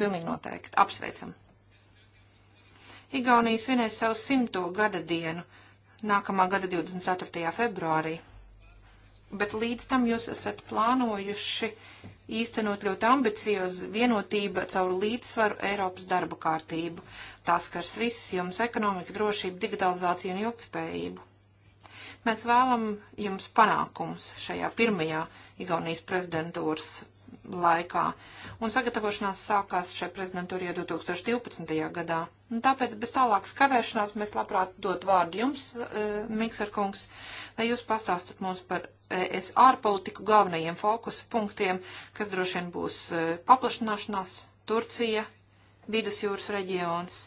pilnīgi noteikti. Apsveicam! Igaunija svinēs savu simto gada dienu nākamā gada 24. februārī. Bet līdz tam jūs esat plānojuši īstenot ļoti ambiciozu vienotību caur līdzsvaru Eiropas darba kārtību. Tās skars visas jums ekonomika, drošība, digitalizācija un ilgspējību. Mēs vēlam jums panākums šajā pirmajā Igaunijas prezidentūras laikā, un sagatavošanās sākās šai prezidentūrai 2012. gadā. Un tāpēc bez tālākas kavēšanās mēs labprāt dot vārdu jums, e, eh, Mikserkungs, lai jūs pastāstat mums par ES ārpolitiku galvenajiem fokusa punktiem, kas droši vien būs e, eh, paplašanāšanās, Turcija, Vidusjūras reģions.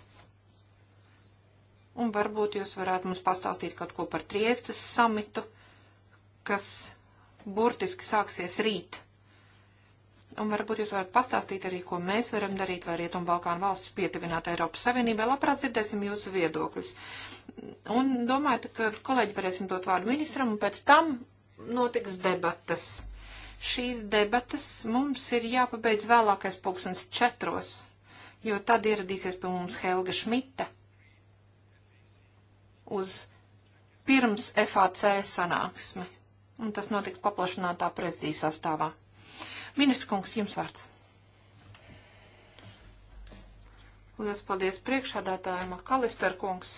Un varbūt jūs varētu mums pastāstīt kaut ko par Triestas samitu, kas burtiski sāksies rīt. Un varbūt jūs varat pastāstīt arī, ko mēs varam darīt, lai Rietumbalkānu valstis pietuvinātu Eiropas Savienībai. Labprāt dzirdēsim jūsu viedokļus. Un domāju, ka kolēģi varēsim dot vārdu ministram, un pēc tam notiks debatas. Šīs debatas mums ir jāpabeidz vēlākais pulksens četros, jo tad ieradīsies pie mums Helga Šmita uz pirms FAC sanāksmi, un tas notiks paplašinātā prezidija sastāvā. Ministra kungs, jums vārds. Lielas paldies priekšādātājiem, Kalister kungs,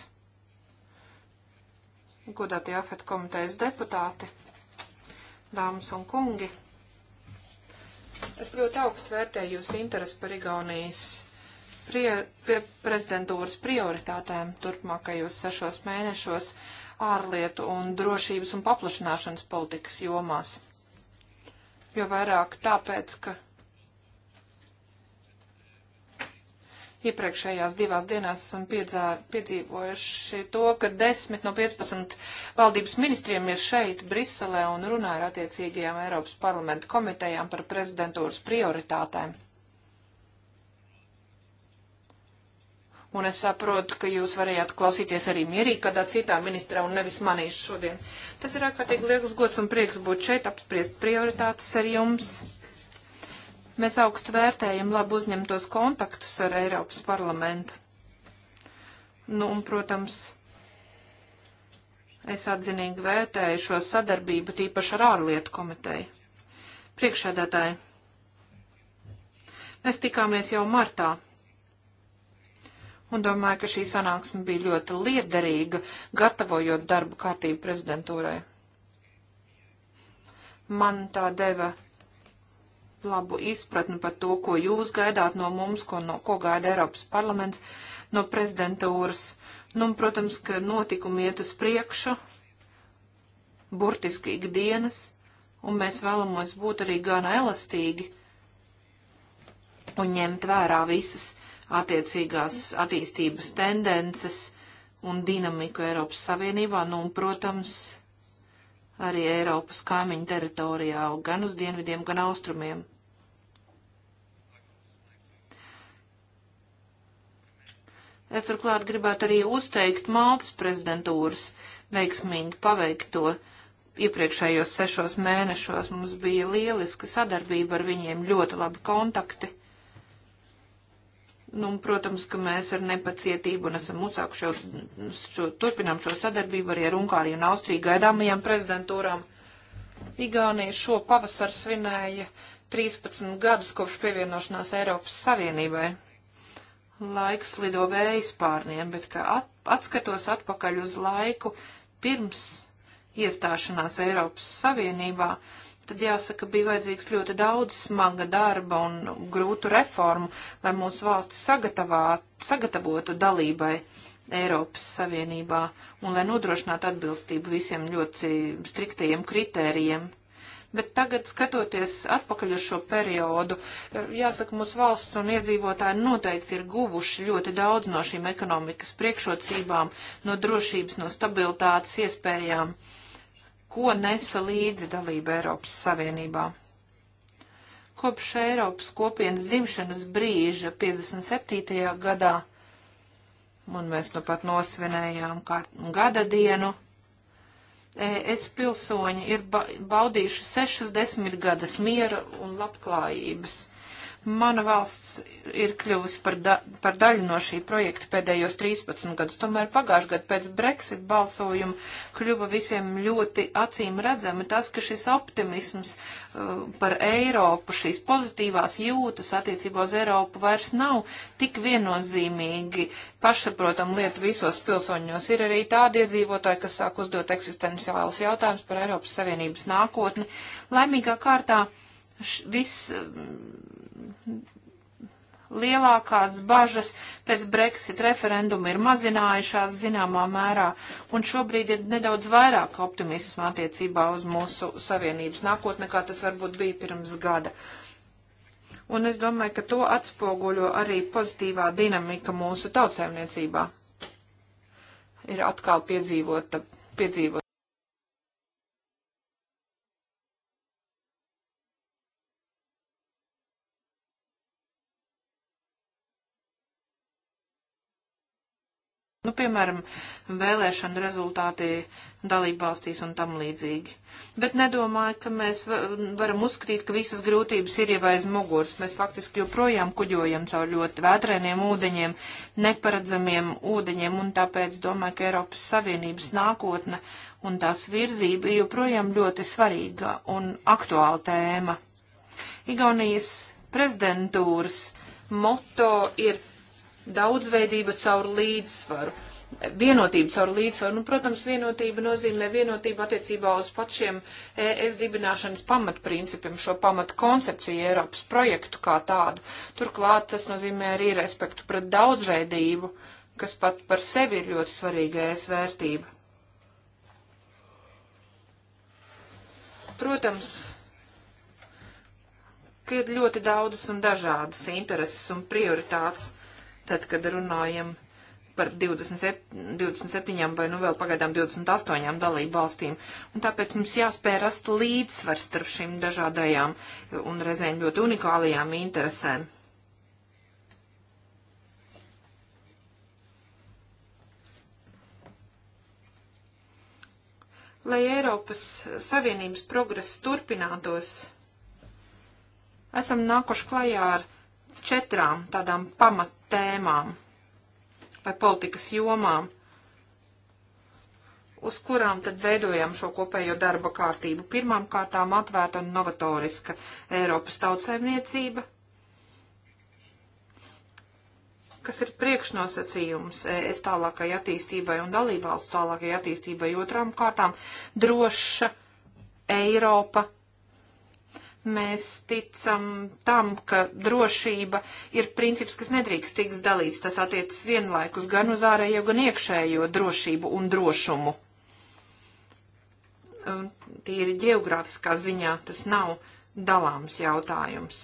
godātie afet komitejas deputāti, dāmas un kungi. Es ļoti augstu vērtēju jūsu interesi par Igaunijas prie, pie prezidentūras prioritātēm turpmākajos sešos mēnešos ārlietu un drošības un paplašināšanas politikas jomās jo vairāk tāpēc, ka iepriekšējās divās dienās esam piedzā, piedzīvojuši to, ka 10 no 15 valdības ministriem ir šeit, Briselē, un runā ar attiecīgajām Eiropas parlamenta komitejām par prezidentūras prioritātēm. Un es saprotu, ka jūs varējāt klausīties arī mierīgi kādā citā ministrā un nevis manīs šodien. Tas ir ārkārtīgi liels gods un prieks būt šeit, apspriest prioritātes ar jums. Mēs augstu vērtējam labi uzņemtos kontaktus ar Eiropas parlamentu. Nu, un, protams, es atzinīgi vērtēju šo sadarbību tīpaši ar ārlietu komiteju. Priekšēdētāji, mēs tikāmies jau martā un domāju, ka šī sanāksme bija ļoti liederīga, gatavojot darbu kārtību prezidentūrai. Man tā deva labu izpratni par to, ko jūs gaidāt no mums, ko, no, ko gaida Eiropas parlaments no prezidentūras. Nu, un, protams, ka notikumi iet uz priekšu, burtiski ikdienas, un mēs vēlamies būt arī gana elastīgi un ņemt vērā visas attiecīgās attīstības tendences un dinamiku Eiropas Savienībā, nu un, protams, arī Eiropas kaimiņu teritorijā, gan uz dienvidiem, gan austrumiem. Es turklāt gribētu arī uzteikt Maltas prezidentūras veiksmīgi paveikto iepriekšējos sešos mēnešos. Mums bija lieliska sadarbība ar viņiem, ļoti labi kontakti. Nu, protams, ka mēs ar nepacietību un esam uzsākuši šo, šo, turpinām šo sadarbību arī ar Ungāriju un Austriju gaidāmajām prezidentūrām. Igaunija šo pavasaru svinēja 13 gadus kopš pievienošanās Eiropas Savienībai. Laiks lido vējas pārniem, bet kā at, atskatos atpakaļ uz laiku pirms iestāšanās Eiropas Savienībā, tad jāsaka, bija vajadzīgs ļoti daudz smaga darba un grūtu reformu, lai mūsu valsts sagatavotu dalībai Eiropas Savienībā un lai nodrošinātu atbilstību visiem ļoti striktajiem kritērijiem. Bet tagad, skatoties atpakaļ uz šo periodu, jāsaka, mūsu valsts un iedzīvotāji noteikti ir guvuši ļoti daudz no šīm ekonomikas priekšrocībām, no drošības, no stabilitātes iespējām. Uh, ko nesa līdzi dalība Eiropas Savienībā. Kopš Eiropas kopienas dzimšanas brīža 57. gadā, un mēs nu pat nosvinējām gada dienu, es pilsoņi ir baudījuši 60 gadas miera un labklājības Mana valsts ir kļuvusi par, da par daļu no šī projekta pēdējos 13 gadus. Tomēr pagājušajā gadā pēc Brexit balsojuma kļuva visiem ļoti acīm redzami tas, ka šis optimisms uh, par Eiropu, šīs pozitīvās jūtas attiecībā uz Eiropu vairs nav tik viennozīmīgi pašsaprotam lieta visos pilsoņos. Ir arī tādi iedzīvotāji, kas sāk uzdot eksistenciālus jautājumus par Eiropas Savienības nākotni. Laimīgā kārtā viss um, lielākās bažas pēc Brexit referenduma ir mazinājušās zināmā mērā, un šobrīd ir nedaudz vairāk optimisma attiecībā uz mūsu savienības nākotnē, kā tas varbūt bija pirms gada. Un es domāju, ka to atspoguļo arī pozitīvā dinamika mūsu tautsēmniecībā. Ir atkal piedzīvota, piedzīvota. Nu, piemēram, vēlēšana rezultāti dalību valstīs un tam līdzīgi. Bet nedomāju, ka mēs varam uzskatīt, ka visas grūtības ir jau aiz muguras. Mēs faktiski joprojām kuģojam caur ļoti vētrainiem ūdeņiem, neparedzamiem ūdeņiem, un tāpēc domāju, ka Eiropas Savienības nākotne un tās virzība ir joprojām ļoti svarīga un aktuāla tēma. Igaunijas prezidentūras moto ir daudzveidība caur līdzsvaru. Vienotība caur līdzsvaru. Nu, protams, vienotība nozīmē vienotību attiecībā uz pašiem ES dibināšanas pamatprincipiem, šo pamatu koncepciju Eiropas projektu kā tādu. Turklāt tas nozīmē arī respektu pret daudzveidību, kas pat par sevi ir ļoti svarīga ES vērtība. Protams, ka ir ļoti daudzas un dažādas intereses un prioritātes tad, kad runājam par 27, 27 vai nu vēl pagaidām 28 dalību valstīm. Un tāpēc mums jāspēj rast līdzsvar starp šīm dažādajām un reizēm ļoti unikālajām interesēm. Lai Eiropas Savienības progress turpinātos, esam nākuši klajā ar četrām tādām pamattēmām vai politikas jomām, uz kurām tad veidojam šo kopējo darba kārtību. Pirmām kārtām atvērta un novatoriska Eiropas tautsaimniecība, kas ir priekšnosacījums es tālākai attīstībai un dalībvalstu tālākai attīstībai. Otrām kārtām droša Eiropa Mēs ticam tam, ka drošība ir princips, kas nedrīkst tiks dalīts. Tas attiecas vienlaikus gan uz ārējo, gan iekšējo drošību un drošumu. Tīri ģeogrāfiskā ziņā tas nav dalāms jautājums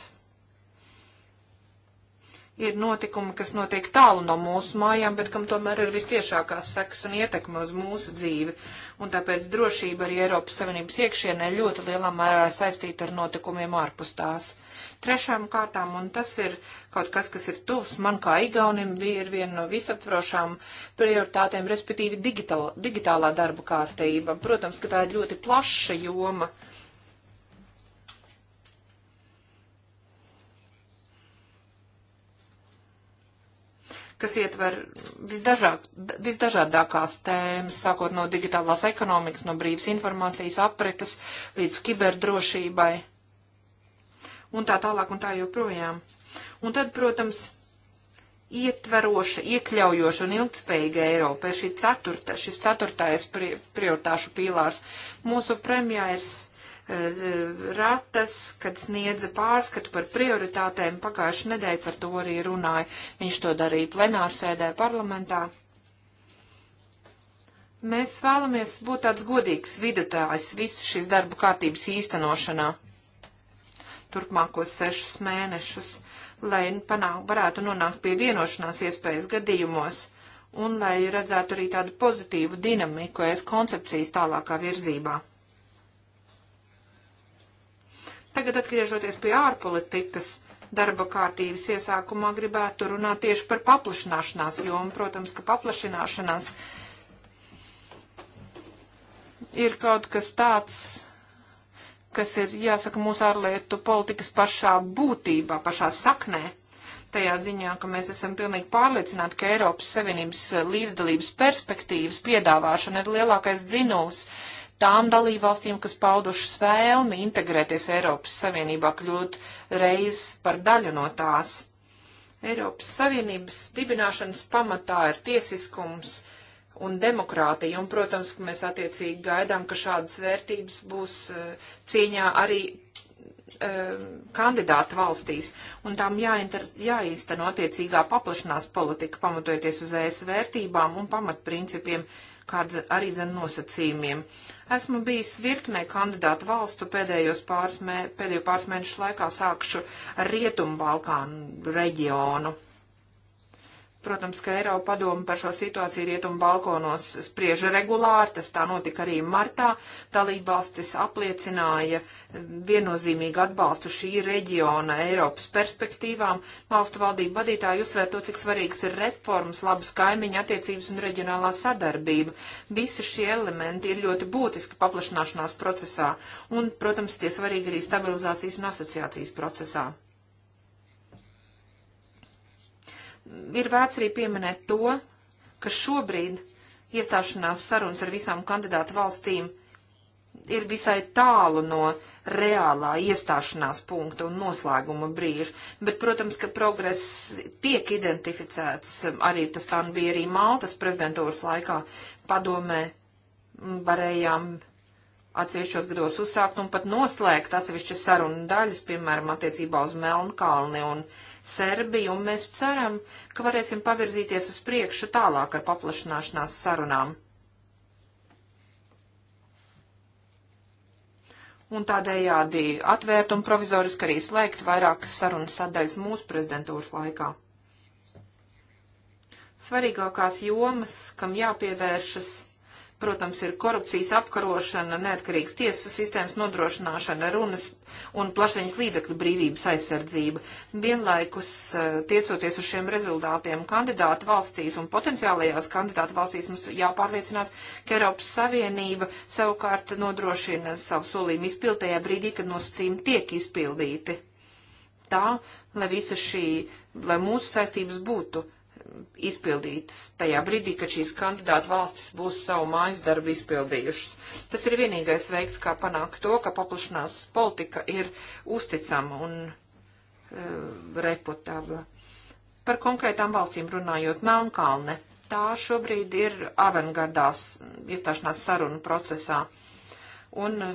ir notikumi, kas notiek tālu no mūsu mājām, bet kam tomēr ir vistiešākās sekas un ietekme uz mūsu dzīvi. Un tāpēc drošība arī Eiropas Savienības iekšienē ļoti lielā mērā saistīta ar notikumiem ārpus tās. Trešām kārtām, un tas ir kaut kas, kas ir tuvs, man kā Igaunim bija viena no visaptvarošām prioritātēm, respektīvi digital, digitālā darba kārtība. Protams, ka tā ir ļoti plaša joma. Uh, kas ietver visdažāk, visdažādākās tēmas, sākot no digitālās ekonomikas, no brīvas informācijas apretes līdz kiberdrošībai un tā tālāk un tā joprojām. Un tad, protams, ietveroša, iekļaujoša un ilgspējīga Eiropa ir šī ceturta, šis ceturtais pri, prioritāšu pīlārs. Mūsu premjērs Eh, ratas, kad sniedza pārskatu par prioritātēm, pagājuši nedēļu par to arī runāja. Viņš to darīja plenārsēdē parlamentā. Mēs vēlamies būt tāds godīgs vidutājs visu šīs darbu kārtības īstenošanā turpmākos sešus mēnešus, lai panāk, varētu nonākt pie vienošanās iespējas gadījumos un lai redzētu arī tādu pozitīvu dinamiku es koncepcijas tālākā virzībā. Tagad atgriežoties pie ārpolitikas darba kārtības iesākumā, gribētu runāt tieši par paplašināšanās jomu. Protams, ka paplašināšanās ir kaut kas tāds, kas ir, jāsaka, mūsu ārlietu politikas pašā būtībā, pašā saknē tajā ziņā, ka mēs esam pilnīgi pārliecināti, ka Eiropas Savienības līdzdalības perspektīvas piedāvāšana ir lielākais dzinulis tām dalībvalstīm, kas paudušas vēlmi integrēties Eiropas Savienībā, kļūt reiz par daļu no tās. Eiropas Savienības dibināšanas pamatā ir tiesiskums un demokrātija, un, protams, ka mēs attiecīgi gaidām, ka šādas vērtības būs uh, eh, cīņā arī eh, kandidātu valstīs, un tām jāinter, jāīsteno attiecīgā paplašanās politika, pamatojoties uz ES vērtībām un pamatprincipiem, kāds arī zina nosacījumiem. Esmu bijis virknē kandidātu valstu pēdējos pāris, mē, pēdējo pāris mēnešu laikā sākšu ar Rietumu Balkānu reģionu. Protams, ka Eiropa padoma par šo situāciju rietumu balkonos sprieža regulāri, tas tā notika arī martā. Dalībvalstis apliecināja eh, viennozīmīgu atbalstu šī reģiona Eiropas perspektīvām. Valstu valdību vadītāji uzsver to, cik svarīgs ir reformas, labas kaimiņa attiecības un reģionālā sadarbība. Visi šie elementi ir ļoti būtiski paplašanāšanās procesā un, protams, tie svarīgi arī stabilizācijas un asociācijas procesā. ir vērts arī pieminēt to, ka šobrīd iestāšanās sarunas ar visām kandidātu valstīm ir visai tālu no reālā iestāšanās punkta un noslēguma brīža. Bet, protams, ka progress tiek identificēts, arī tas tā nu bija arī Maltas prezidentūras laikā padomē, varējām atsevišķos gados uzsākt un pat noslēgt atsevišķas sarunu daļas, piemēram, attiecībā uz Melnkalni un Serbiju, un mēs ceram, ka varēsim pavirzīties uz priekšu tālāk ar paplašanāšanās sarunām. Un tādējādi atvērt un provizoriski arī slēgt vairākas sarunas sadaļas mūsu prezidentūras laikā. Svarīgākās jomas, kam jāpievēršas protams, ir korupcijas apkarošana, neatkarīgs tiesu sistēmas nodrošināšana, runas un plašsaziņas līdzekļu brīvības aizsardzība. Vienlaikus, eh, tiecoties uz šiem rezultātiem kandidātu valstīs un potenciālajās kandidātu valstīs, mums jāpārliecinās, ka Eiropas Savienība savukārt nodrošina savu solījumu izpildējā brīdī, kad nosacījumi tiek izpildīti. Tā, lai visa šī, lai mūsu saistības būtu izpildītas tajā brīdī, kad šīs kandidātu valstis būs savu mājas darbu izpildījušas. Tas ir vienīgais veids, kā panākt to, ka paplašanās politika ir uzticama un uh, reputabla. Par konkrētām valstīm runājot, Melnkalne. Tā šobrīd ir avangardās iestāšanās sarunu procesā. Un uh,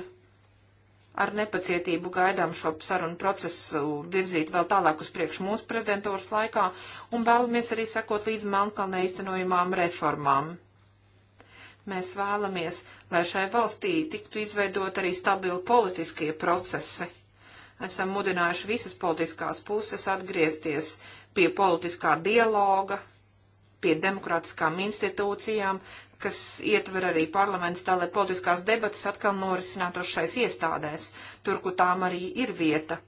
ar nepacietību gaidām šo sarunu procesu virzīt vēl tālāk uz priekšu mūsu prezidentūras laikā un vēlamies arī sekot līdz Melnkalnē iztenojumām reformām. Mēs vēlamies, lai šai valstī tiktu izveidot arī stabili politiskie procesi. Esam mudinājuši visas politiskās puses atgriezties pie politiskā dialoga, pie demokrātiskām institūcijām, kas ietver arī parlaments, tā lai politiskās debatas atkal norisinātos šais iestādēs, tur, kur tām arī ir vieta.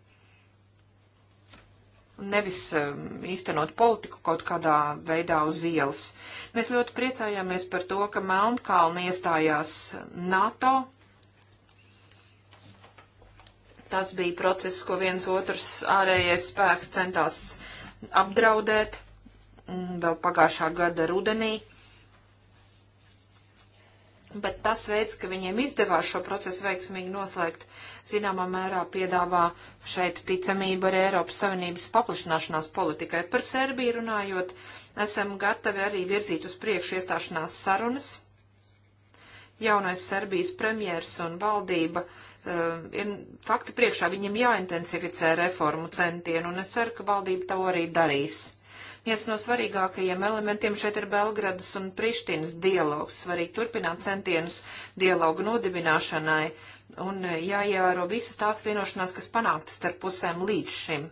Nevis um, īstenot politiku kaut kādā veidā uz ielas. Mēs ļoti priecājāmies par to, ka Melnkalni iestājās NATO. Tas bija process, ko viens otrs ārējais spēks centās apdraudēt mm, vēl pagājušā gada rudenī. Bet tas veids, ka viņiem izdevās šo procesu veiksmīgi noslēgt, zināmā mērā piedāvā šeit ticamību arī Eiropas Savienības paplašanāšanās politikai. Par Serbiju runājot, esam gatavi arī virzīt uz priekšu iestāšanās sarunas. Jaunais Serbijas premjers un valdība uh, ir fakti priekšā, viņiem jāintensificē reformu centienu, un es ceru, ka valdība to arī darīs. Viens no svarīgākajiem elementiem šeit ir Belgradas un Prištinas dialogs. Svarīgi turpināt centienus dialogu nodibināšanai un jāievēro visas tās vienošanās, kas panāktas starp pusēm līdz šim.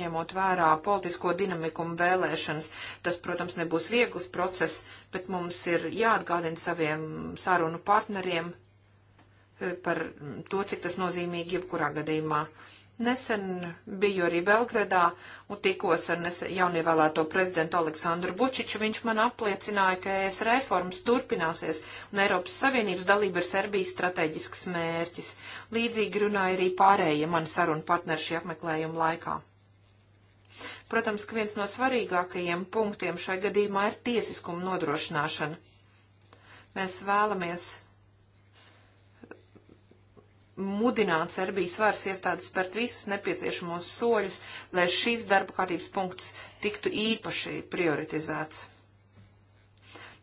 ņemot vērā politisko dinamiku un vēlēšanas. Tas, protams, nebūs viegls process, bet mums ir jāatgādina saviem sarunu partneriem eh, par to, cik tas nozīmīgi jebkurā gadījumā. Nesen biju arī Belgradā un tikos ar jaunievēlēto prezidentu Aleksandru Bučiču. Viņš man apliecināja, ka ES reformas turpināsies un Eiropas Savienības dalība ir Serbijas strateģisks mērķis. Līdzīgi runāja arī pārējie mani sarunu partneri šī apmeklējuma laikā. Protams, ka viens no svarīgākajiem punktiem šai gadījumā ir tiesiskuma nodrošināšana. Mēs vēlamies mudināt Serbijas varas iestādes spērt visus nepieciešamos soļus, lai šis darba kārtības punkts tiktu īpaši prioritizēts.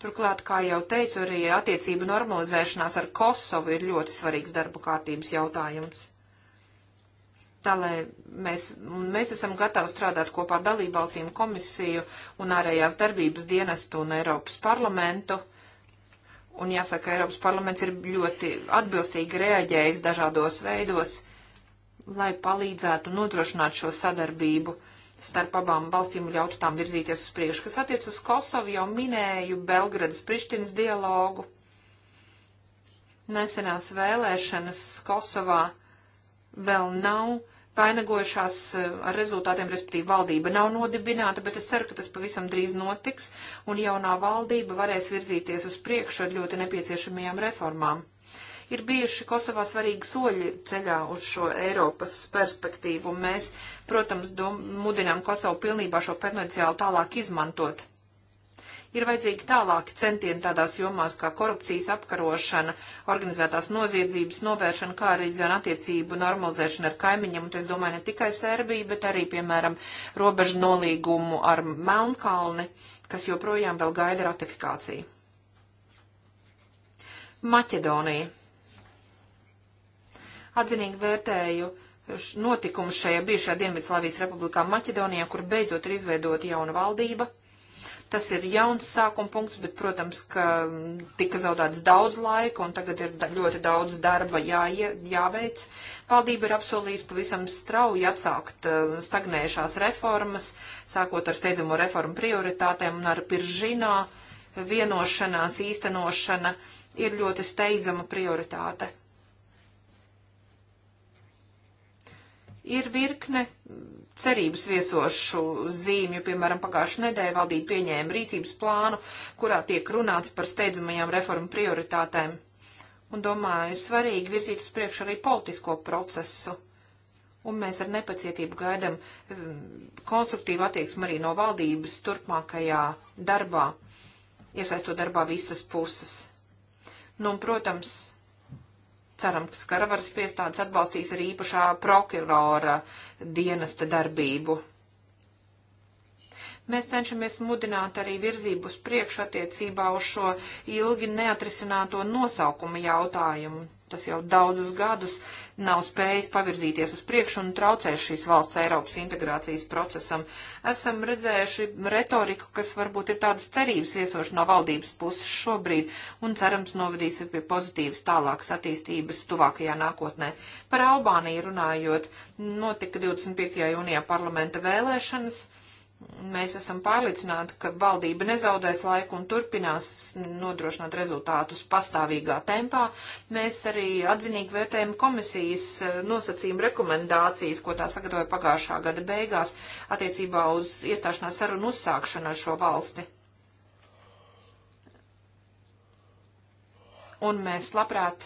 Turklāt, kā jau teicu, arī attiecību normalizēšanās ar Kosovu ir ļoti svarīgs darba kārtības jautājums. Tā lai mēs, mēs esam gatavi strādāt kopā ar dalībvalstīm komisiju un ārējās darbības dienestu un Eiropas parlamentu Un jāsaka, Eiropas parlaments ir ļoti atbilstīgi reaģējis dažādos veidos, lai palīdzētu nodrošināt šo sadarbību starp abām valstīm un ļautu tām virzīties uz priekšu. Kas attiec uz Kosovu, jau minēju Belgradas Prištinas dialogu. Nesenās vēlēšanas Kosovā vēl nav vainagojušās eh, ar rezultātiem, respektīvi valdība nav nodibināta, bet es ceru, ka tas pavisam drīz notiks un jaunā valdība varēs virzīties uz priekšu ar ļoti nepieciešamajām reformām. Ir bijuši Kosovā svarīgi soļi ceļā uz šo Eiropas perspektīvu, un mēs, protams, dom, mudinām Kosovu pilnībā šo potenciālu tālāk izmantot. Ir vajadzīgi tālāki centieni tādās jomās kā korupcijas apkarošana, organizētās noziedzības novēršana, kā arī zina attiecību normalizēšana ar kaimiņiem. Un es domāju ne tikai Serbiju, bet arī, piemēram, robežu nolīgumu ar Melnkalni, kas joprojām vēl gaida ratifikāciju. Maķedonija. Atzinīgi vērtēju notikumus šajā bijušajā Dienvidslāvijas republikā Maķedonijā, kur beidzot ir izveidota jauna valdība. Tas ir jauns sākuma punkts, bet, protams, ka tika zaudēts daudz laika un tagad ir da ļoti daudz darba jāie, jāveic. Valdība ir apsolījusi pavisam strauji atsākt uh, stagnējušās reformas, sākot ar steidzamo reformu prioritātēm un ar piržinā vienošanās īstenošana ir ļoti steidzama prioritāte. Ir virkne cerības viesošu zīmju. Piemēram, pagājušajā nedēļā valdība pieņēma rīcības plānu, kurā tiek runāts par steidzamajām reformu prioritātēm. Un domāju, svarīgi virzīt uz priekšu arī politisko procesu. Un mēs ar nepacietību gaidam mm, konstruktīvu attieksmi arī no valdības turpmākajā darbā, iesaistot darbā visas puses. Nu, un, protams, Ceram, ka skaravaras piestādes atbalstīs arī īpašā prokurora dienesta darbību. Mēs cenšamies mudināt arī virzību uz priekšu attiecībā uz šo ilgi neatrisināto nosaukumu jautājumu. Tas jau daudzus gadus nav spējis pavirzīties uz priekšu un traucē šīs valsts Eiropas integrācijas procesam. Esam redzējuši retoriku, kas varbūt ir tādas cerības viesoši no valdības puses šobrīd un cerams novadīs pie pozitīvas tālākas attīstības tuvākajā nākotnē. Par Albāniju runājot, notika 25. jūnijā parlamenta vēlēšanas Mēs esam pārliecināti, ka valdība nezaudēs laiku un turpinās nodrošināt rezultātus pastāvīgā tempā. Mēs arī atzinīgi vērtējam komisijas eh, nosacījumu rekomendācijas, ko tā sagatavoja pagājušā gada beigās attiecībā uz iestāšanās sarunu uzsākšanu ar šo valsti. Un mēs labprāt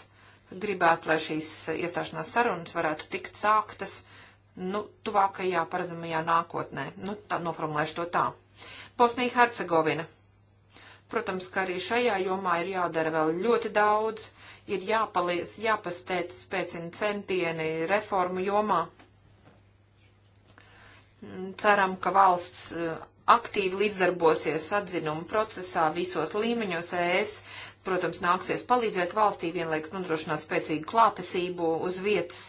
gribētu, lai šīs iestāšanās sarunas varētu tikt sāktas. Uh, nu, tuvākajā paredzamajā nākotnē. Nu, tā noformulēšu to tā. Bosnija Hercegovina. Protams, ka arī šajā jomā ir jādara vēl ļoti daudz, ir jāpaliec, jāpastēc spēcina centieni reformu jomā. Ceram, ka valsts eh, aktīvi līdzdarbosies atzinuma procesā visos līmeņos ES. Protams, nāksies palīdzēt valstī vienlaiks nodrošināt spēcīgu klātesību uz vietas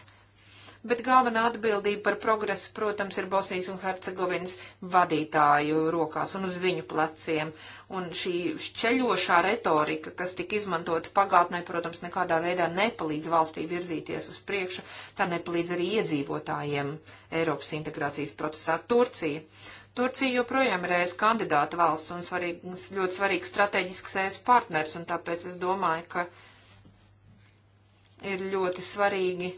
bet galvenā atbildība par progresu, protams, ir Bosnijas un Hercegovinas vadītāju rokās un uz viņu pleciem. Un šī šķeļošā retorika, kas tika izmantota pagātnē, protams, nekādā veidā nepalīdz valstī virzīties uz priekšu, tā nepalīdz arī iedzīvotājiem Eiropas integrācijas procesā Turcija. Turcija joprojām ir ES kandidāta valsts un svarīgs, ļoti svarīgs strateģisks ES partners, un tāpēc es domāju, ka ir ļoti svarīgi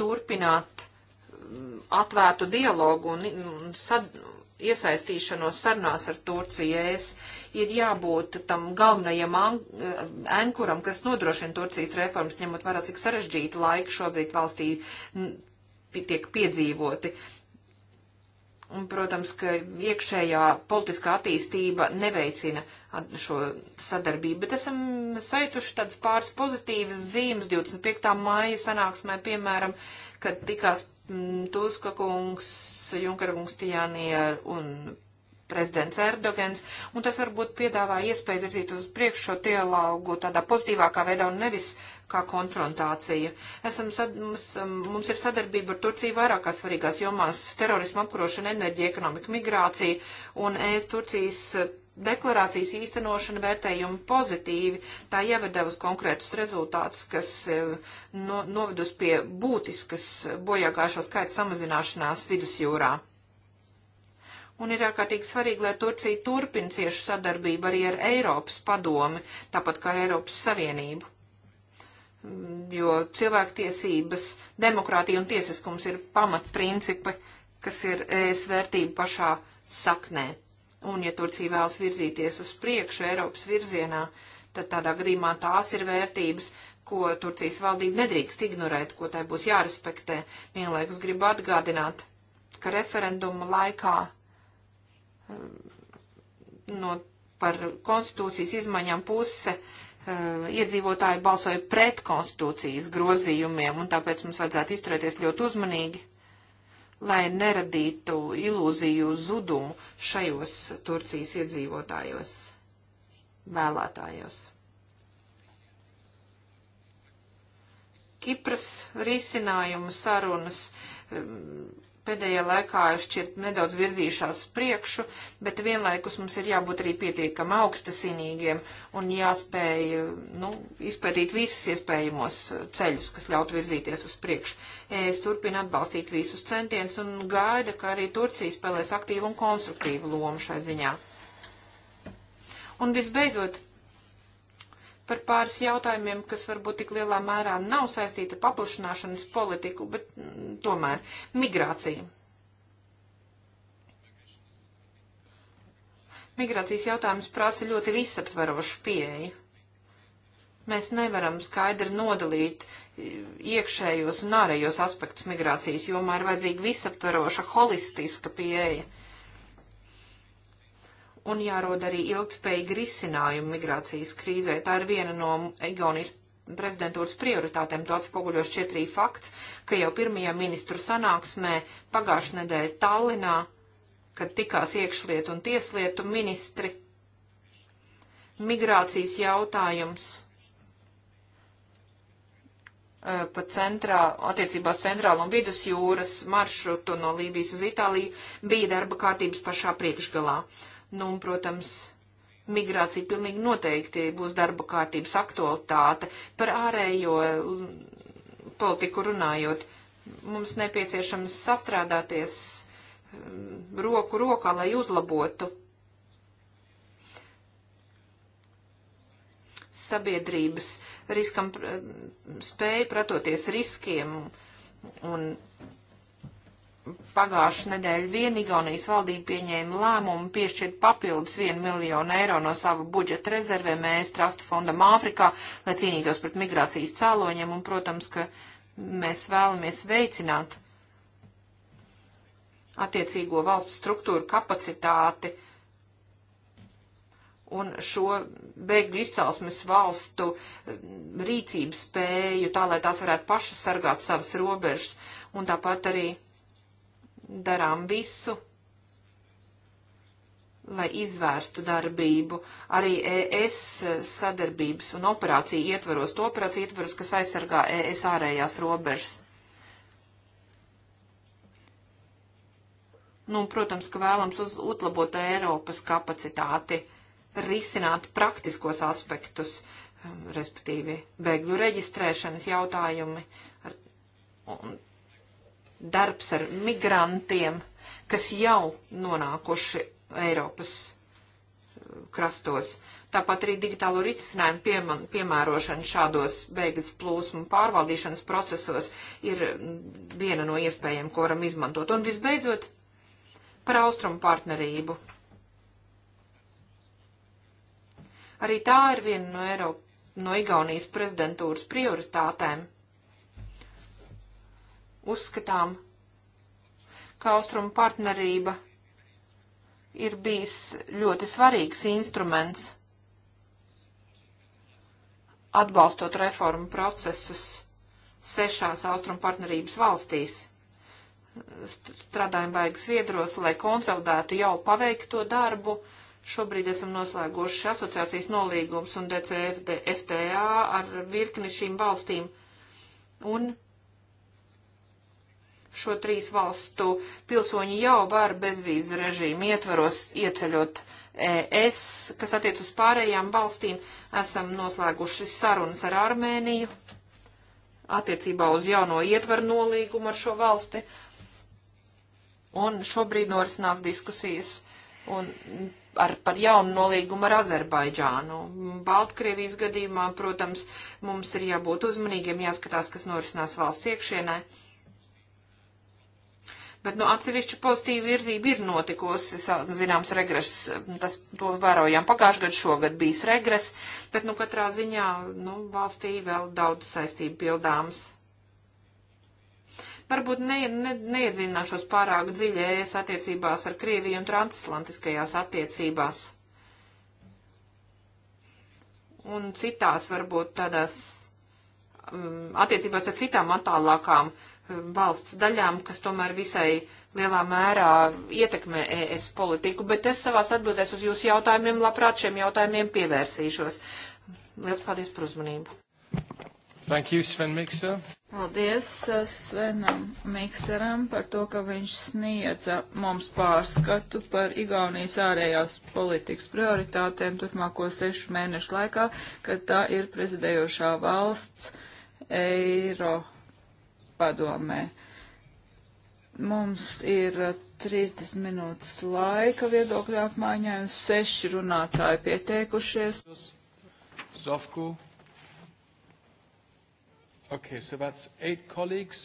turpināt mm, atvērtu dialogu un, un sad, iesaistīšanos sarunās ar Turciju. Es ir jābūt tam galvenajam enkuram, eh, kas nodrošina Turcijas reformas, ņemot vērā, cik sarežģīti laiki šobrīd valstī tiek piedzīvoti. Uh, Un, protams, ka iekšējā politiskā attīstība neveicina šo sadarbību, bet esam saituši tādas pāris pozitīvas zīmes 25. māja sanāksmē, piemēram, kad tikās mm, Tuska kungs, Junkara kungs Tijānija un prezidents Erdogans, un tas varbūt piedāvā iespēju virzīt uz priekšu šo dialogu tādā pozitīvākā veidā un nevis kā konfrontācija. Esam, sad, mums, um, mums ir sadarbība ar Turciju vairākās svarīgās jomās - terorismu apkarošana, enerģija, ekonomika, migrācija un ēst Turcijas uh, deklarācijas īstenošana vērtējumi pozitīvi, tā ieveda uz konkrētus rezultātus, kas uh, no, novedus pie būtiskas bojāgājušo skaita samazināšanās vidusjūrā. Un ir ārkārtīgi svarīgi, lai Turcija turpina ciešu sadarbību arī ar Eiropas padomi, tāpat kā Eiropas Savienību jo cilvēktiesības, demokrātija un tiesiskums ir pamatprincipi, kas ir ES vērtība pašā saknē. Un, ja Turcija vēlas virzīties uz priekšu Eiropas virzienā, tad tādā gadījumā tās ir vērtības, ko Turcijas valdība nedrīkst ignorēt, ko tai būs jārespektē. Vienlaikus gribu atgādināt, ka referenduma laikā um, no, par konstitūcijas izmaiņām puse uh, Uh, iedzīvotāji balsoja pret konstitūcijas grozījumiem, un tāpēc mums vajadzētu izturēties ļoti uzmanīgi, lai neradītu ilūziju zudumu šajos Turcijas iedzīvotājos, vēlētājos. Kipras risinājumu sarunas um, pēdējā laikā šķiet nedaudz virzījušās priekšu, bet vienlaikus mums ir jābūt arī pietiekami augstasinīgiem un jāspēj nu, izpētīt visus iespējamos ceļus, kas ļaut virzīties uz priekšu. Es turpinu atbalstīt visus centienus un gaida, ka arī Turcija spēlēs aktīvu un konstruktīvu lomu šai ziņā. Un visbeidzot, par pāris jautājumiem, kas varbūt tik lielā mērā nav saistīta paplašināšanas politiku, bet mm, tomēr migrācija. Migrācijas jautājums prasa ļoti visaptverošu pieeju. Mēs nevaram skaidri nodalīt iekšējos un ārējos aspektus migrācijas jomā, ir vajadzīga visaptveroša, holistiska pieeja un jārod arī ilgspējīgi risinājumi migrācijas krīzē. Tā ir viena no Egonijas prezidentūras prioritātēm, to atspoguļos četrī fakts, ka jau pirmajā ministru sanāksmē pagājušajā nedēļā Tallinā, kad tikās iekšlietu un tieslietu ministri, migrācijas jautājums eh, pa centrā, attiecībās centrālu un vidusjūras maršrutu no Lībijas uz Itāliju bija darba kārtības pašā priekšgalā. Uh, Nu, un, protams, migrācija pilnīgi noteikti būs darba kārtības aktualitāte. Par ārējo mm, politiku runājot, mums nepieciešams sastrādāties mm, roku rokā, lai uzlabotu sabiedrības riskam, mm, spēju pratoties riskiem un pagājušu nedēļu vien Igaunijas valdība pieņēma lēmumu piešķirt papildus 1 miljonu eiro no savu budžeta rezervēm ES Trust fondam Āfrikā, lai cīnītos pret migrācijas cēloņiem, un, protams, ka mēs vēlamies veicināt attiecīgo valstu struktūru kapacitāti un šo bēgļu izcelsmes valstu mm, rīcības spēju, tā lai tās varētu pašas sargāt savas robežas, un tāpat arī darām visu, lai izvērstu darbību, arī ES sadarbības un operāciju ietvaros, to operāciju ietvaros, kas aizsargā ES ārējās robežas. Nu, protams, ka vēlams uz, uzlabot Eiropas kapacitāti, risināt praktiskos aspektus, respektīvi bēgļu reģistrēšanas jautājumi ar, un darbs ar migrantiem, kas jau nonākuši Eiropas eh, krastos. Tāpat arī digitālo risinājumu piemērošana šādos beigas plūsmu pārvaldīšanas procesos ir mm, viena no iespējām, ko varam izmantot. Un visbeidzot, par austrumu partnerību. Arī tā ir viena no, Eiropa, no Igaunijas prezidentūras prioritātēm uzskatām, ka austrumu partnerība ir bijis ļoti svarīgs instruments atbalstot reformu procesus sešās austrumu partnerības valstīs. Strādājam vajag sviedros, lai konsolidētu jau paveikto darbu. Šobrīd esam noslēguši asociācijas nolīgums un DCFTA ar virkni šīm valstīm. Un šo trīs valstu pilsoņi jau var bezvīzu režīmu ietvaros ieceļot ES, kas attiec uz pārējām valstīm. Esam noslēguši sarunas ar Armēniju attiecībā uz jauno ietvaru nolīgumu ar šo valsti. Un šobrīd norisinās diskusijas un ar, par jaunu nolīgumu ar Azerbaidžānu. Baltkrievijas gadījumā, protams, mums ir jābūt uzmanīgiem, jāskatās, kas norisinās valsts iekšienē. Bet, nu, atsevišķi pozitīva virzība ir notikusi, zināms, regress, tas to vērojām pagājušajā gadā, šogad bijis regress, bet, nu, katrā ziņā, nu, valstī vēl daudz saistību pildāms. Varbūt ne, ne, neiedzināšos pārāk dziļējies attiecībās ar Krieviju un transatlantiskajās attiecībās. Un citās, varbūt tādās um, attiecībās ar citām attālākām uh, Um, valsts daļām, kas tomēr visai lielā mērā ietekmē ES politiku, bet es savās atbildēs uz jūsu jautājumiem labprāt šiem jautājumiem pievērsīšos. Lielas paldies par uzmanību. Thank you, Sven Mikser. Paldies uh, Svenam Mikseram par to, ka viņš sniedza mums pārskatu par Igaunijas ārējās politikas prioritātēm turpmāko sešu mēnešu laikā, kad tā ir prezidējošā valsts Eiro padomē. Mums ir 30 minūtes laika viedokļu apmaiņai un seši runātāji pieteikušies. Zofku. Okay, so that's eight colleagues.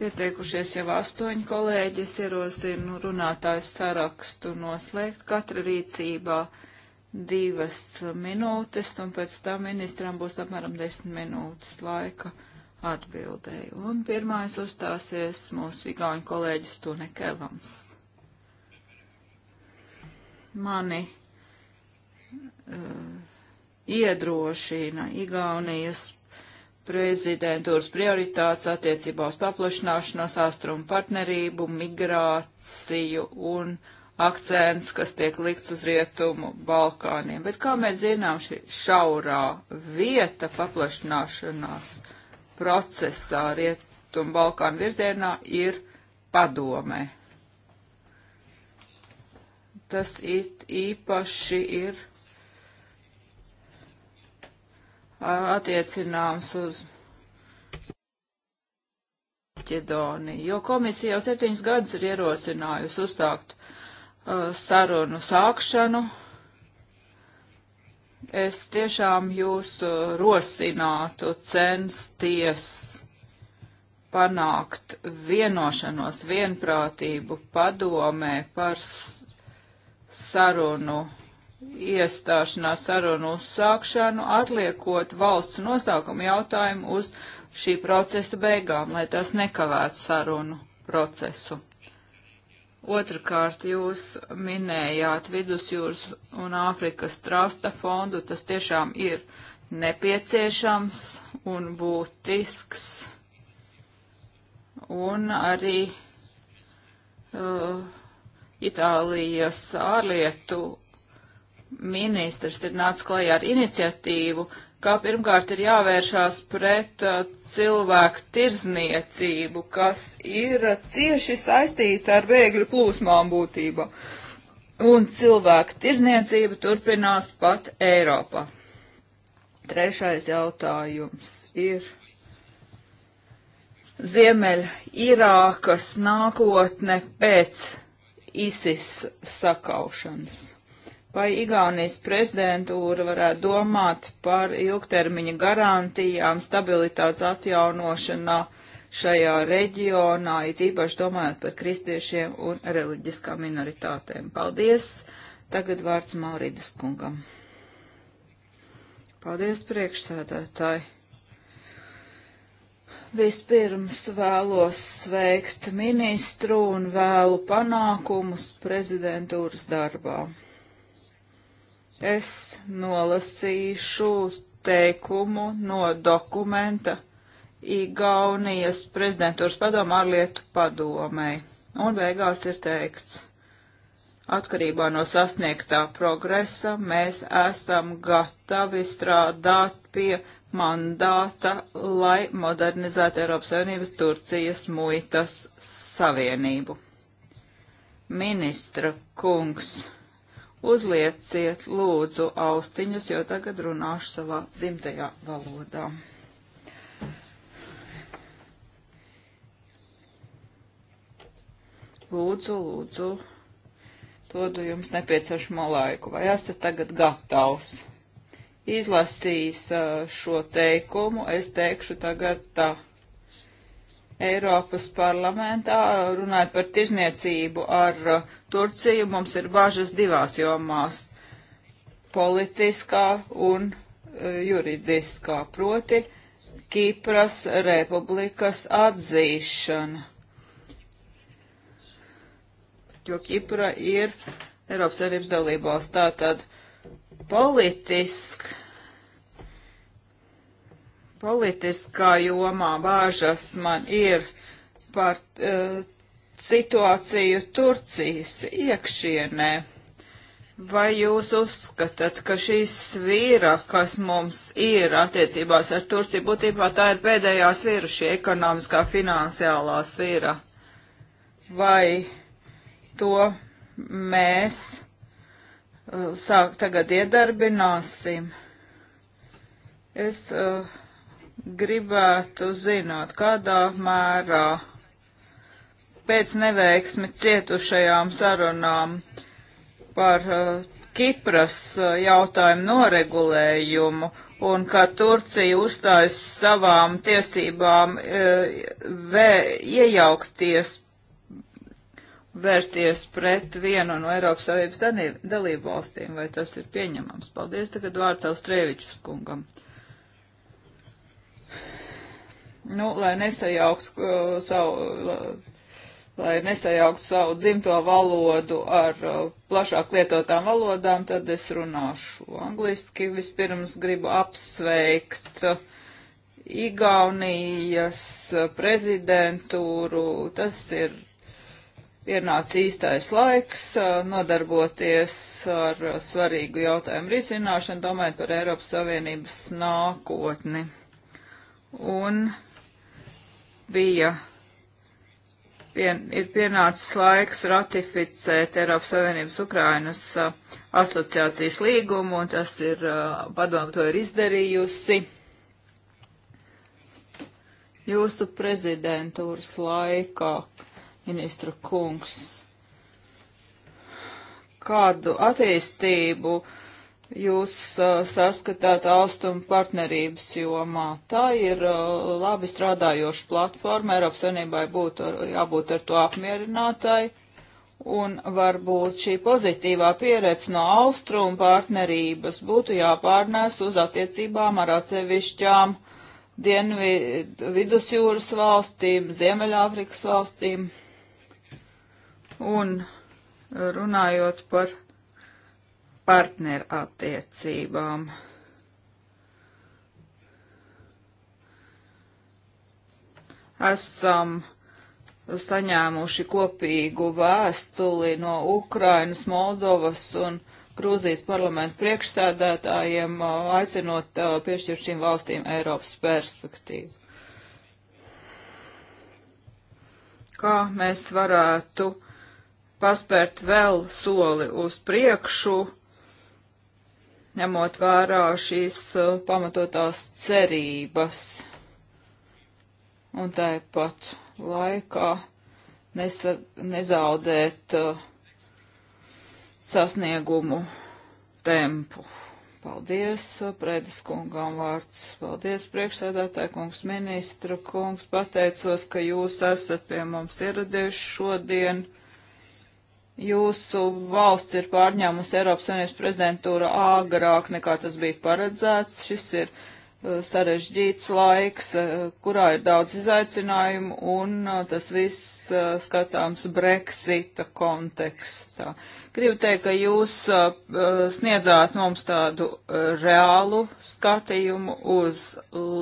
Pieteikušies jau astoņi kolēģi, es ierosinu runātāju sarakstu noslēgt katra rīcībā divas minūtes, un pēc tam ministram būs apmēram desmit minūtes laika atbildēji. Un pirmais uzstāsies mūsu igauņu kolēģis Tune Kelams. Mani uh, iedrošina Igaunijas prezidentūras prioritātes attiecībā uz paplašināšanos, austrumu partnerību, migrāciju un akcents, kas tiek likts uz rietumu Balkāniem. Bet, kā mēs zinām, šī šaurā vieta paplašināšanās procesā Rietumu Balkānu virzienā ir padomē. Tas it īpaši ir attiecināms uz Maķedoniju, jo komisija jau septiņus gadus ir ierosinājusi uzsākt uh, sarunu sākšanu es tiešām jūs uh, rosinātu censties panākt vienošanos, vienprātību padomē par sarunu iestāšanās sarunu uzsākšanu, atliekot valsts nosaukumu jautājumu uz šī procesa beigām, lai tas nekavētu sarunu procesu. Otrakārt, jūs minējāt Vidusjūras un Āfrikas trasta fondu. Tas tiešām ir nepieciešams un būtisks. Un arī uh, Itālijas ārlietu ministrs ir nācis klajā ar iniciatīvu ka pirmkārt ir jāvēršās pret uh, cilvēku tirzniecību, kas ir cieši saistīta ar bēgļu plūsmām būtībā. Un cilvēku tirzniecība turpinās pat Eiropā. Trešais jautājums ir Ziemeļa Irākas nākotne pēc ISIS sakaušanas. Vai Igaunijas prezidentūra varētu domāt par ilgtermiņa garantijām stabilitātes atjaunošanā šajā reģionā, it īpaši domājot par kristiešiem un reliģiskām minoritātēm? Paldies! Tagad vārds Maurīdas kungam. Paldies, priekšsēdētāji! Vispirms vēlos sveikt ministru un vēlu panākumus prezidentūras darbā. Es nolasīšu teikumu no dokumenta Igaunijas prezidentūras padomu ārlietu padomei. Un beigās ir teikts, atkarībā no sasniegtā progresa mēs esam gatavi strādāt pie mandāta, lai modernizētu Eiropas Savienības Turcijas muitas savienību. Ministra kungs Uzlieciet lūdzu austiņas, jo tagad runāšu savā dzimtajā valodā. Lūdzu, lūdzu, dodu jums nepieciešamo laiku. Vai esat tagad gatavs? Izlasījis uh, šo teikumu, es teikšu tagad tā. Eiropas parlamentā, runājot par tirzniecību ar uh, Turciju, mums ir bažas divās jomās - politiskā un uh, juridiskā, proti Kipras republikas atzīšana. Jo Kipra ir Eiropas Savienības dalībvalsts, tātad politiski Politiskā jomā bāžas man ir par uh, situāciju Turcijas iekšienē. Vai jūs uzskatāt, ka šī svīra, kas mums ir attiecībās ar Turciju, būtībā tā ir pēdējā svīra, šī ekonomiskā finansiālā svīra? Vai to mēs eh, sāk tagad iedarbināsim? Es uh, gribētu zināt, kādā mērā pēc neveiksmi cietušajām sarunām par uh, Kipras uh, jautājumu noregulējumu un ka Turcija uzstājas savām tiesībām uh, vē, iejaukties, vērsties pret vienu no Eiropas Savienības dalību valstīm, vai tas ir pieņemams. Paldies, tagad vārds Austrievičus kungam. Uh, nu, lai nesajauktu uh, savu. Uh, lai nesajauktu savu dzimto valodu ar uh, plašāk lietotām valodām, tad es runāšu angliski. Vispirms gribu apsveikt uh, Igaunijas uh, prezidentūru. Tas ir pienāca īstais laiks uh, nodarboties ar svarīgu jautājumu risināšanu, domājot par Eiropas Savienības nākotni. Un bija pien, ir pienācis laiks ratificēt Eiropas Savienības Ukrainas a, uh, asociācijas līgumu, un tas ir, uh, padomu to ir izdarījusi. Jūsu prezidentūras laikā, ministra kungs, kādu attīstību uh, jūs uh, saskatāt austrumu partnerības jomā. Tā ir uh, labi strādājoša platforma, Eiropas Savienībai būtu ar, jābūt ar to apmierinātai, un varbūt šī pozitīvā pieredze no austrumu partnerības būtu jāpārnēs uz attiecībām ar atsevišķām Dienvidu vidusjūras valstīm, Ziemeļāfrikas valstīm. Un runājot par partnerattiecībām. Esam saņēmuši kopīgu vēstuli no Ukrainas, Moldovas un Grūzijas parlamentu priekšsēdētājiem, aicinot piešķirt šīm valstīm Eiropas perspektīvu. Kā mēs varētu paspērt vēl soli uz priekšu? ņemot vērā šīs uh, pamatotās cerības. Un tāpat laikā nesa, nezaudēt uh, sasniegumu tempu. Paldies, uh, Prēdis kungam vārds. Paldies, priekšsēdētāji kungs, ministra kungs. Pateicos, ka jūs esat pie mums ieradušies šodien. Jūsu valsts ir pārņēmusi Eiropas Savienības prezidentūru agrāk nekā tas bija paredzēts. Šis ir uh, sarežģīts laiks, uh, kurā ir daudz izaicinājumu, un uh, tas viss uh, skatāms Brexita kontekstā. Gribu teikt, ka jūs uh, uh, sniedzāt mums tādu reālu skatījumu uz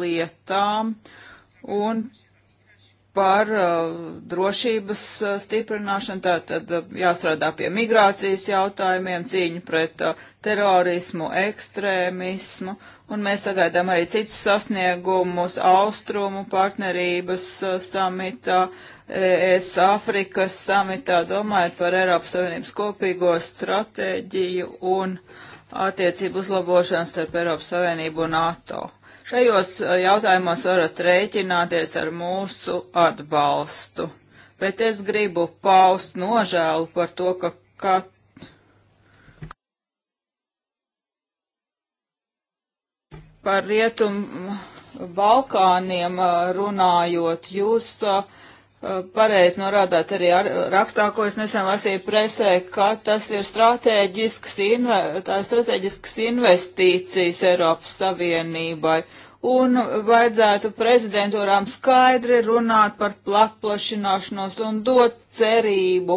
lietām, un par uh, drošības uh, stiprināšanu, tātad uh, jāstrādā pie migrācijas jautājumiem, cīņu pret uh, terorismu, ekstrēmismu, un mēs sagaidām arī citus sasniegumus Austrumu partnerības uh, samitā, ES Afrikas samitā, domājot par Eiropas Savienības kopīgo stratēģiju un attiecību uzlabošanu starp Eiropas Savienību un NATO. Šajos eh, jautājumos varat rēķināties ar mūsu atbalstu, bet es gribu paust nožēlu par to, ka kat par rietumu Balkāniem eh, runājot, jūs uh, Eh, pareizi norādāt arī ar, rakstā, ko es nesen lasīju presē, ka tas ir strateģisks, inve, tā ir strateģisks investīcijas Eiropas Savienībai. Un vajadzētu prezidentūrām skaidri runāt par plašināšanos un dot cerību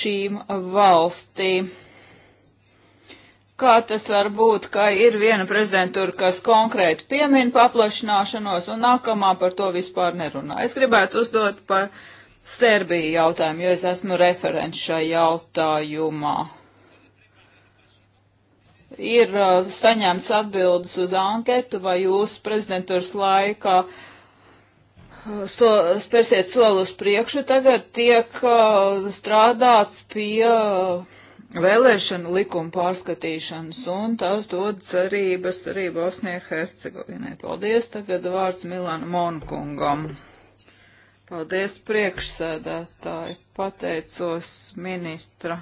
šīm valstīm. Kā tas var būt, ka ir viena prezidentūra, kas konkrēti piemin paplašināšanos, un nākamā par to vispār nerunā? Es gribētu uzdot par Serbiju jautājumu, jo es esmu referents šai jautājumā. Ir uh, saņemts atbildes uz anketu, vai jūs prezidentūras laikā uh, so, spērsiet soli uz priekšu, tagad tiek uh, strādāts pie uh, vēlēšanu likumu pārskatīšanas, un tas dod cerības arī Bosnijai Hercegovinai. Paldies, tagad vārds Milan Monkungam. Paldies priekšsēdētāji, pateicos ministra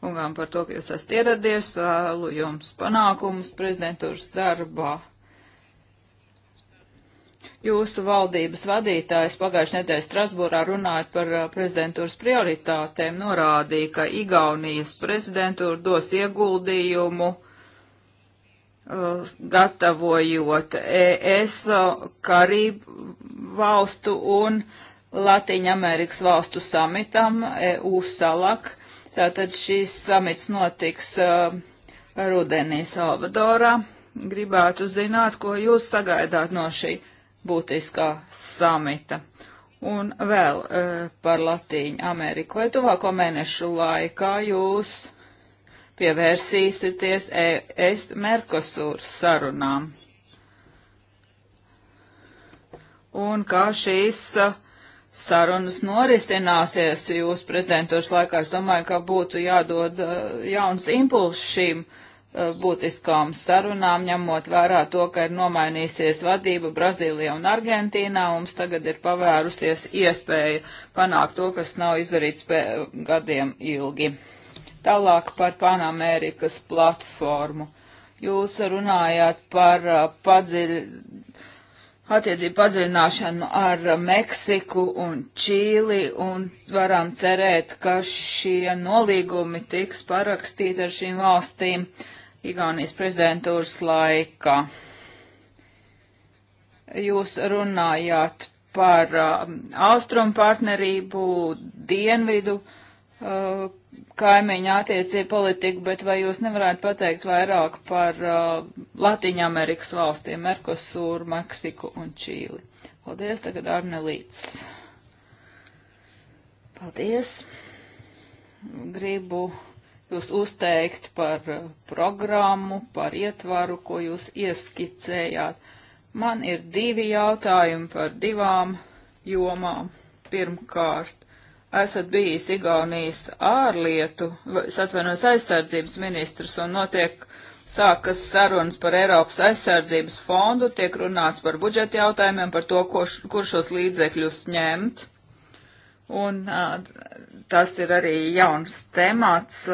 kungām par to, ka jūs esat ieradies, vēlu jums panākumus prezidentūras darbā. Jūsu valdības vadītājs pagājušajā nedēļā Strasbūrā runājot par uh, prezidentūras prioritātēm, norādīja, ka Igaunijas prezidentūra dos ieguldījumu uh, gatavojot ES uh, Karību valstu un Latīņa Amerikas valstu samitam EU salak. Tātad šīs samits notiks uh, rudenī Salvadorā. Gribētu zināt, ko jūs sagaidāt no šī būtiskā samita. Un vēl uh, par Latīņu Ameriku. Vai tuvāko mēnešu laikā jūs pievērsīsieties ES Merkosūra sarunām? Un kā šīs uh, sarunas norisināsies jūs prezidentūras laikā? Es domāju, ka būtu jādod uh, jauns impuls šīm uh, būtiskām sarunām, ņemot vērā to, ka ir nomainīsies vadība Brazīlijā un Argentīnā. Mums tagad ir pavērusies iespēja panākt to, kas nav izdarīts gadiem ilgi. Tālāk par Panamerikas platformu. Jūs runājāt par uh, padziļ, attiecību padziļināšanu ar Meksiku un Čīli, un varam cerēt, ka šie nolīgumi tiks parakstīti ar šīm valstīm Igaunijas prezidentūras laika. Jūs runājāt par uh, austrumu partnerību, dienvidu uh, kaimiņu attiecību politiku, bet vai jūs nevarētu pateikt vairāk par uh, Latīņu Amerikas valstīm, Merkosūru, Meksiku un Čīli? Paldies, tagad Arne Līts. Paldies. Gribu jūs uzteikt par eh, programmu, par ietvaru, ko jūs ieskicējāt. Man ir divi jautājumi par divām jomām. Pirmkārt, esat bijis Igaunijas ārlietu, es atvainojos aizsardzības ministrs un notiek sākas sarunas par Eiropas aizsardzības fondu, tiek runāts par budžeta jautājumiem, par to, ko, kur šos līdzekļus ņemt. Un tas ir arī jauns temats,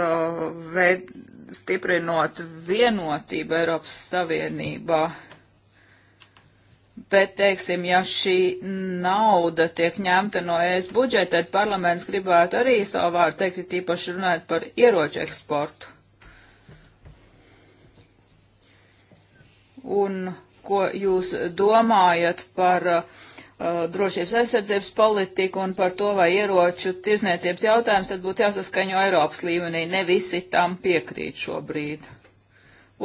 ved, stiprinot vienotību Eiropas Savienībā. Bet, teiksim, ja šī nauda tiek ņemta no ES budžeta, tad parlaments gribētu arī savu vārdu teikt, tīpaši runājot par ieroču eksportu. Un ko jūs domājat par uh, Uh, drošības aizsardzības politiku un par to, vai ieroču tirzniecības jautājums tad būtu jāsaskaņo Eiropas līmenī. Ne visi tam piekrīt šobrīd.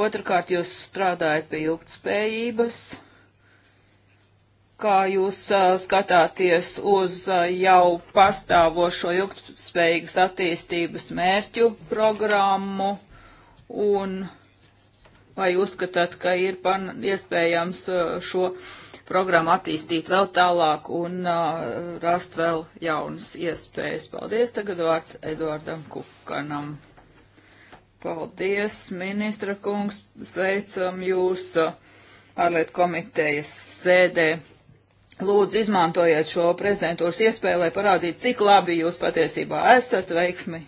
Otrakārt, jūs strādājat pie ilgtspējības. Kā jūs uh, skatāties uz uh, jau pastāvošo ilgtspējīgas attīstības mērķu programmu un uh, vai uzskatāt, ka ir pan, iespējams uh, šo programmu attīstīt vēl tālāk un uh, rast vēl jaunas iespējas. Paldies, tagad vārds Eduardam Kukanam. Paldies, ministra kungs, sveicam jūs uh, ārlietu komitejas sēdē. Lūdzu, izmantojiet šo prezidentūras iespēju, lai parādītu, cik labi jūs patiesībā esat veiksmi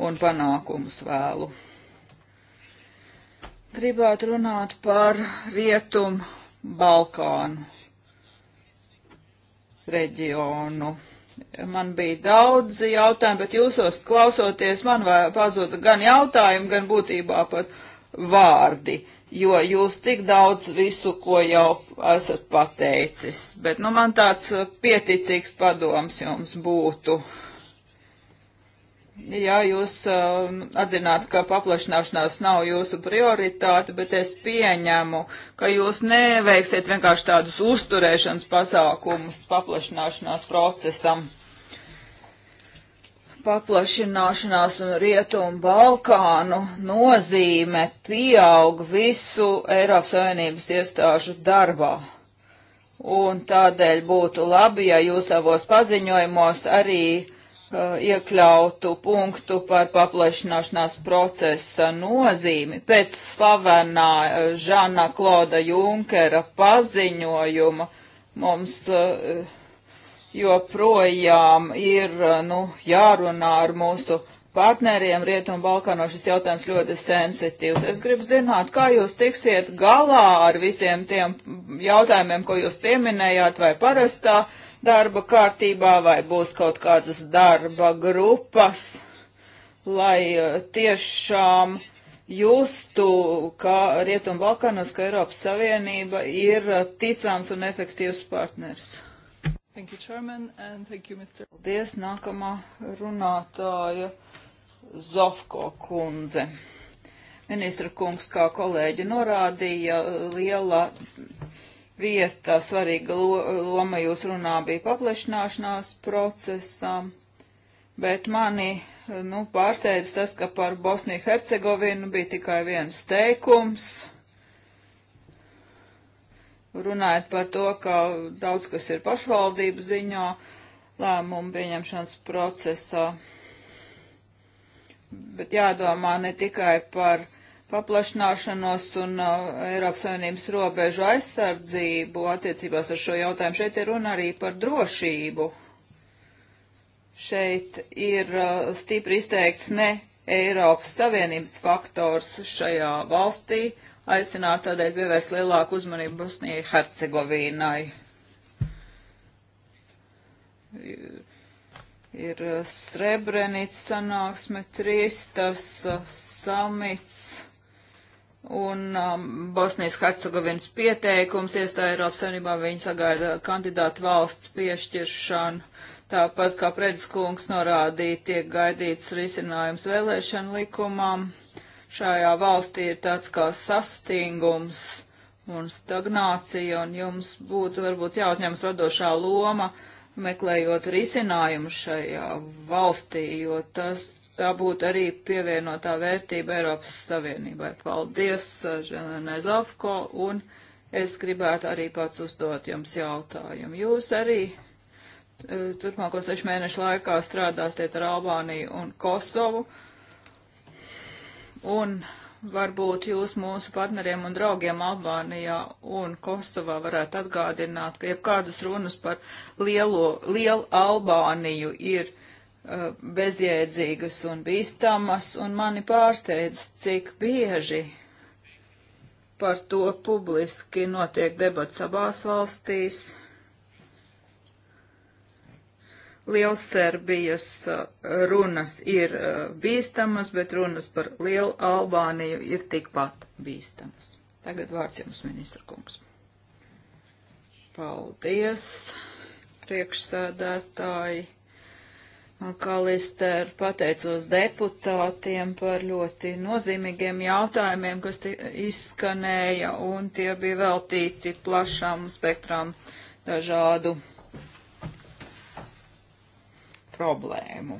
un panākumus vēlu gribētu runāt par Rietumu Balkānu reģionu. Man bija daudz jautājumu, bet jūsos klausoties man pazuda gan jautājumi, gan būtībā pat vārdi, jo jūs tik daudz visu, ko jau esat pateicis. Bet nu man tāds pieticīgs padoms jums būtu. Uh, Jā, jūs uh, atzināt, ka paplašināšanās nav jūsu prioritāte, bet es pieņemu, ka jūs neveiksiet vienkārši tādus uzturēšanas pasākumus paplašināšanās procesam. Paplašināšanās un Rietumu Balkānu nozīme pieaug visu Eiropas Savienības iestāžu darbā. Un tādēļ būtu labi, ja jūs savos paziņojumos arī uh, Eh, iekļautu punktu par paplašināšanās procesa nozīmi. Pēc slavenā eh, Žana Kloda Junkera paziņojuma mums eh, joprojām ir nu, jārunā ar mūsu partneriem Rietumu Balkāno šis jautājums ļoti sensitīvs. Es gribu zināt, kā jūs tiksiet galā ar visiem tiem jautājumiem, ko jūs pieminējāt, vai parastā uh, darba kārtībā vai būs kaut kādas darba grupas, lai e, tiešām justu, ka Rietumbalkanos, ka Eiropas Savienība ir e, ticāms un efektīvs partners. Thank you, Chairman, and thank you, Mr. Paldies, nākamā runātāja Zofko kundze. Ministra kungs, kā kolēģi norādīja, liela vieta, svarīga loma jūs runā bija paplašināšanās procesam, bet mani nu, pārsteidz tas, ka par Bosniju Hercegovinu bija tikai viens teikums. Runājot par to, ka daudz kas ir pašvaldību ziņā, lēmumu pieņemšanas procesā, bet jādomā ne tikai par paplašināšanos un uh, Eiropas Savienības robežu aizsardzību attiecībās ar šo jautājumu. Šeit ir runa arī par drošību. Šeit ir uh, stipri izteikts ne Eiropas Savienības faktors šajā valstī, aicināt tādēļ pievērst lielāku uzmanību Bosnijai Hercegovīnai. Ir uh, Srebrenica sanāksme, Tristas uh, samits un um, Bosnijas Hercegovinas pieteikums iestāja Eiropas Savienībā, viņi sagaida kandidātu valsts piešķiršanu. Tāpat kā Prediskungs norādīja, tiek gaidīts risinājums vēlēšanu likumam. Šajā valstī ir tāds kā sastingums un stagnācija, un jums būtu varbūt jāuzņemas vadošā loma, meklējot risinājumu šajā valstī, jo tas tā būtu arī pievienotā vērtība Eiropas Savienībai. Paldies, eh, Želēnai Zafko, un es gribētu arī pats uzdot jums jautājumu. Jūs arī eh, turpmāko sešu mēnešu laikā strādāsiet ar Albāniju un Kosovu, un varbūt jūs mūsu partneriem un draugiem Albānijā un Kosovā varētu atgādināt, ka jebkādas runas par lielo, lielu Albāniju ir Uh, bezjēdzīgas un bīstamas, un mani pārsteidz, cik bieži par to publiski notiek debats abās valstīs. Lielserbijas uh, runas ir uh, bīstamas, bet runas par Lielu Albāniju ir tikpat bīstamas. Tagad vārds jums, ministra kungs. Paldies, priekšsēdētāji. Kalister, pateicos deputātiem par ļoti nozīmīgiem jautājumiem, kas izskanēja, un tie bija veltīti plašām spektrām dažādu problēmu.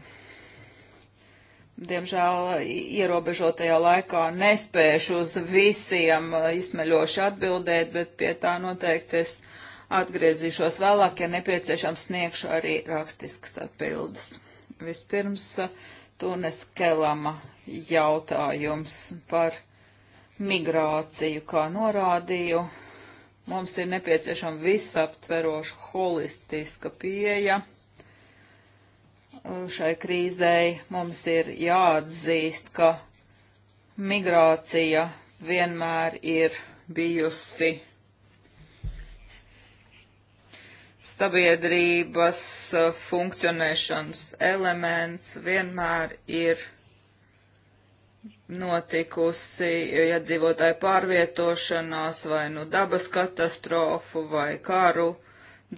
Diemžēl ierobežotajā laikā nespēšu uz visiem izsmeļoši atbildēt, bet pie tā noteikti es atgriezīšos vēlāk, ja nepieciešams sniegšu arī rakstiskas atbildes. Vispirms eh, Tunes Kelama jautājums par migrāciju, kā norādīju. Mums ir nepieciešama visaptveroša holistiska pieeja eh, šai krīzei. Mums ir jāatzīst, ka migrācija vienmēr ir bijusi sabiedrības eh, funkcionēšanas elements vienmēr ir notikusi iedzīvotāju ja pārvietošanās vai nu dabas katastrofu vai karu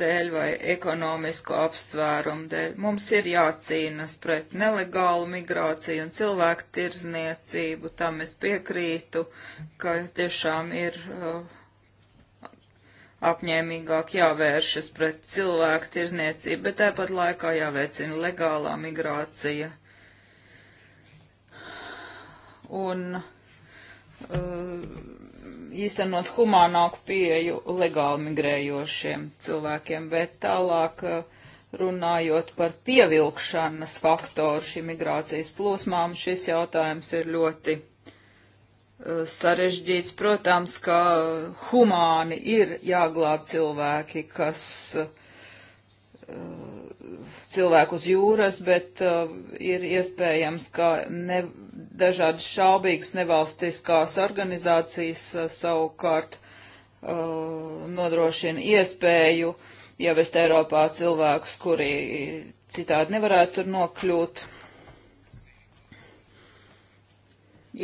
dēļ vai ekonomisko apsvērumu dēļ. Mums ir jācīnas pret nelegālu migrāciju un cilvēku tirzniecību, tam es piekrītu, ka tiešām ir uh, apņēmīgāk jāvēršas pret cilvēku tirzniecību, bet tāpat laikā jāveicina legālā migrācija. Un uh, īstenot humānāku pieeju legāli migrējošiem cilvēkiem, bet tālāk uh, runājot par pievilkšanas faktoru šī migrācijas plūsmām, šis jautājums ir ļoti sarežģīts. Protams, ka humāni ir jāglāb cilvēki, kas eh, cilvēku uz jūras, bet uh, ir iespējams, ka ne, dažādas šaubīgas nevalstiskās organizācijas uh, savukārt uh, nodrošina iespēju ievest Eiropā cilvēkus, kuri citādi nevarētu tur nokļūt.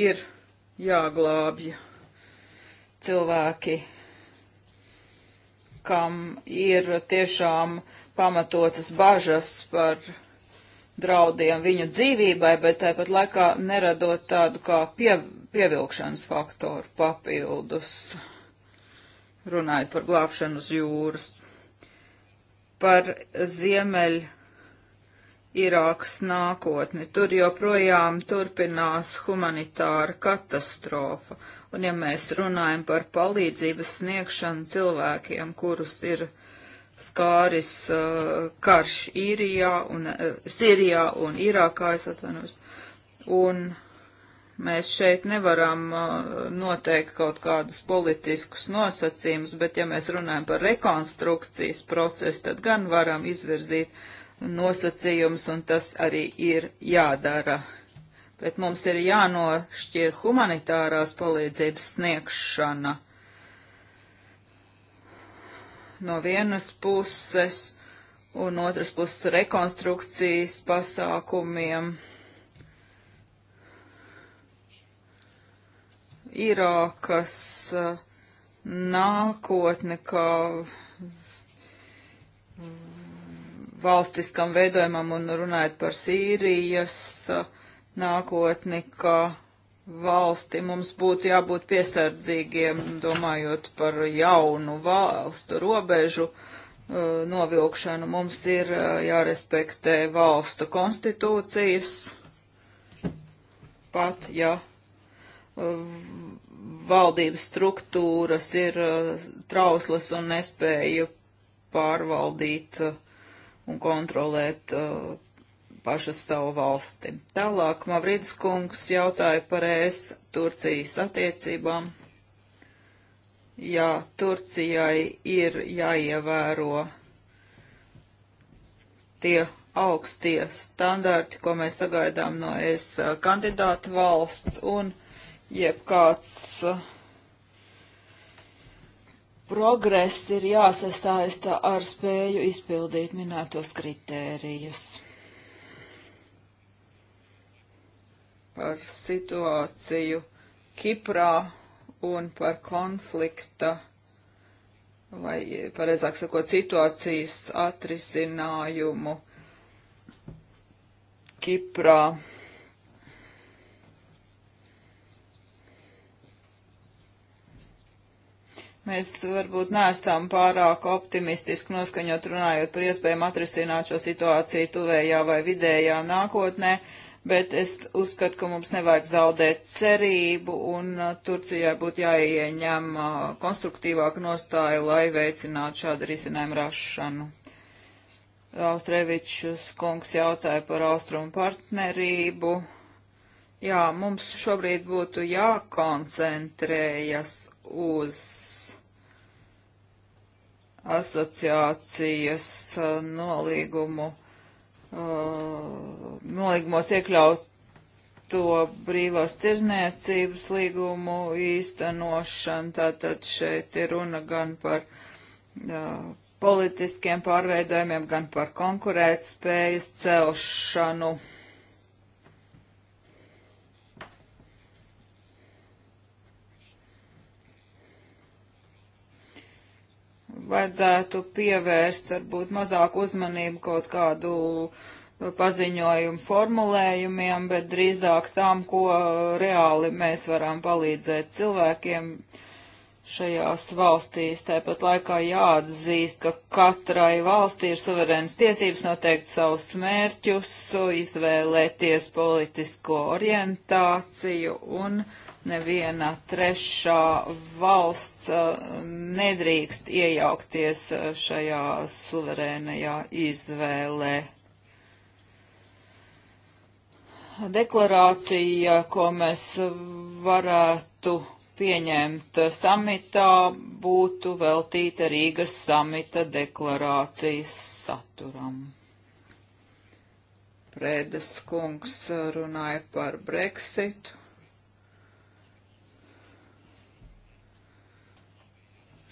Ir jāglābj cilvēki, kam ir tiešām pamatotas bažas par draudiem viņu dzīvībai, bet tāpat laikā neradot tādu kā pie, pievilkšanas faktoru papildus, runājot par glābšanu uz jūras. Par ziemeļu Irākas nākotni. Tur joprojām turpinās humanitāra katastrofa. Un ja mēs runājam par palīdzības sniegšanu cilvēkiem, kurus ir skāris uh, karš Īrijā un uh, Sīrijā un Irākā, es atvainojos. Un mēs šeit nevaram uh, noteikt kaut kādus politiskus nosacījumus, bet ja mēs runājam par rekonstrukcijas procesu, tad gan varam izvirzīt uh, nosacījums, un tas arī ir jādara. Bet mums ir jānošķir humanitārās palīdzības sniegšana no vienas puses un otras puses rekonstrukcijas pasākumiem. Irākas uh, nākotne kā valstiskam veidojumam un runājot par Sīrijas nākotni, ka valsti mums būtu jābūt piesardzīgiem, domājot par jaunu valstu robežu novilkšanu. Mums ir jārespektē valstu konstitūcijas, pat ja valdības struktūras ir trauslas un nespēja pārvaldīt uh, un kontrolēt uh, pašu savu valsti. Tālāk Mavridis kungs jautāja par ES Turcijas attiecībām. Jā, Turcijai ir jāievēro tie augstie standarti, ko mēs sagaidām no es kandidātu valsts un jebkāds uh, progress ir jāsastāsta ar spēju izpildīt minētos kritērijus. Par situāciju Kiprā un par konflikta, vai pareizāk sakot, situācijas atrisinājumu Kiprā Mēs varbūt neesam pārāk optimistiski noskaņot runājot par iespējām atrisināt šo situāciju tuvējā vai vidējā nākotnē, bet es uzskatu, ka mums nevajag zaudēt cerību un uh, Turcijai būtu jāieņem uh, konstruktīvāka nostāja, lai veicinātu šādu risinājumu rašanu. Austrevičs kungs jautāja par austrumu partnerību. Jā, mums šobrīd būtu jākoncentrējas uz asociācijas uh, nolīgumu, uh, nolīgumos iekļaut to brīvās tirzniecības līgumu īstenošanu. Tātad šeit ir runa gan par uh, politiskiem pārveidojumiem, gan par konkurētspējas celšanu. vajadzētu pievērst varbūt mazāk uzmanību kaut kādu paziņojumu formulējumiem, bet drīzāk tam, ko reāli mēs varam palīdzēt cilvēkiem šajās valstīs. Tāpat laikā jāatzīst, ka katrai valstī ir suverēnas tiesības noteikt savus mērķus, izvēlēties politisko orientāciju un uh, neviena trešā valsts uh, nedrīkst iejaukties uh, šajā suverēnajā izvēlē. Deklarācija, ko mēs varētu pieņemt samitā, būtu veltīta Rīgas samita deklarācijas saturam. Prēdes kungs runāja par Brexitu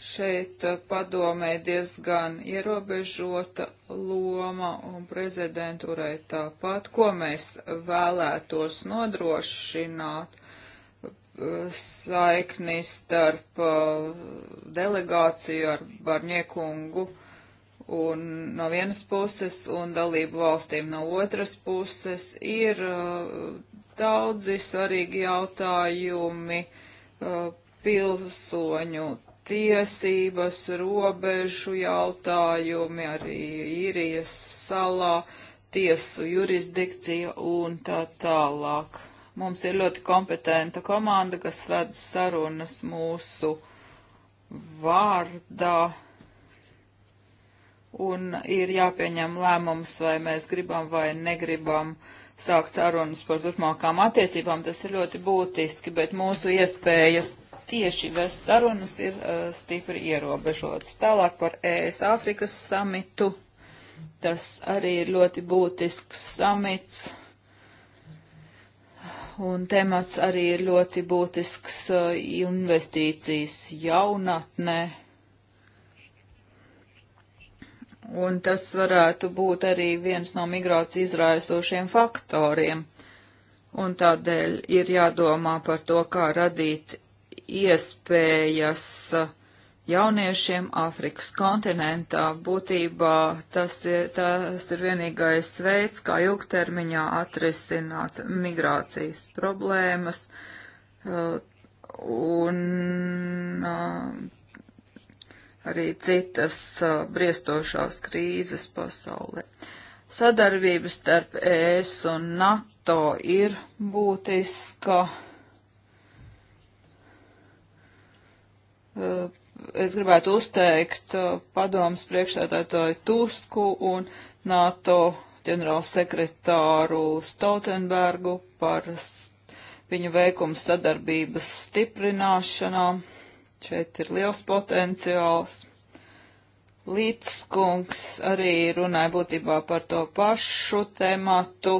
šeit eh, padomē diezgan ierobežota loma un prezidentūrai tāpat, ko mēs vēlētos nodrošināt eh, saikni starp eh, delegāciju ar Barņiekungu un no vienas puses un dalību valstīm no otras puses ir daudzi svarīgi jautājumi pilsoņu tiesības, robežu jautājumi, arī īrijas salā, tiesu jurisdikcija un tā tālāk. Mums ir ļoti kompetenta komanda, kas ved sarunas mūsu vārdā. Un ir jāpieņem lēmums, vai mēs gribam vai negribam sākt sarunas par turpmākām attiecībām. Tas ir ļoti būtiski, bet mūsu iespējas tieši vest sarunas ir uh, stipri ierobežotas. Tālāk par ES Āfrikas samitu. Tas arī ir ļoti būtisks samits. Un temats arī ir ļoti būtisks uh, investīcijas jaunatnē. Un tas varētu būt arī viens no migrācijas izraisošiem faktoriem. Un tādēļ ir jādomā par to, kā radīt iespējas jauniešiem Āfrikas kontinentā. Būtībā tas ir, tas ir vienīgais veids, kā ilgtermiņā atrisināt migrācijas problēmas. Un uh, arī citas uh, briestošās krīzes pasaulē. Sadarbības starp ES un NATO ir būtiska. Eh, es gribētu uzteikt eh, padomus priekšsēdētāju Tusku un NATO ģenerālsekretāru Stoltenbergu par viņu veikumu sadarbības stiprināšanā. Šeit ir liels potenciāls. Līdzkungs arī runāja būtībā par to pašu tematu,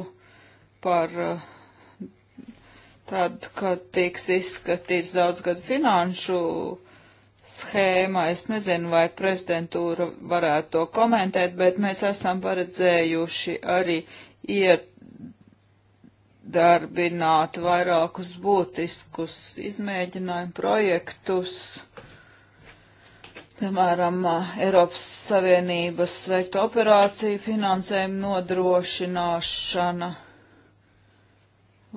par eh, tad, kad tiks izskatīts daudzgadu finanšu schēma. Es nezinu, vai prezidentūra varētu to komentēt, bet mēs esam paredzējuši arī iedarbināt vairākus būtiskus izmēģinājumu projektus. Piemēram, Eiropas Savienības veikta operācija finansējuma nodrošināšana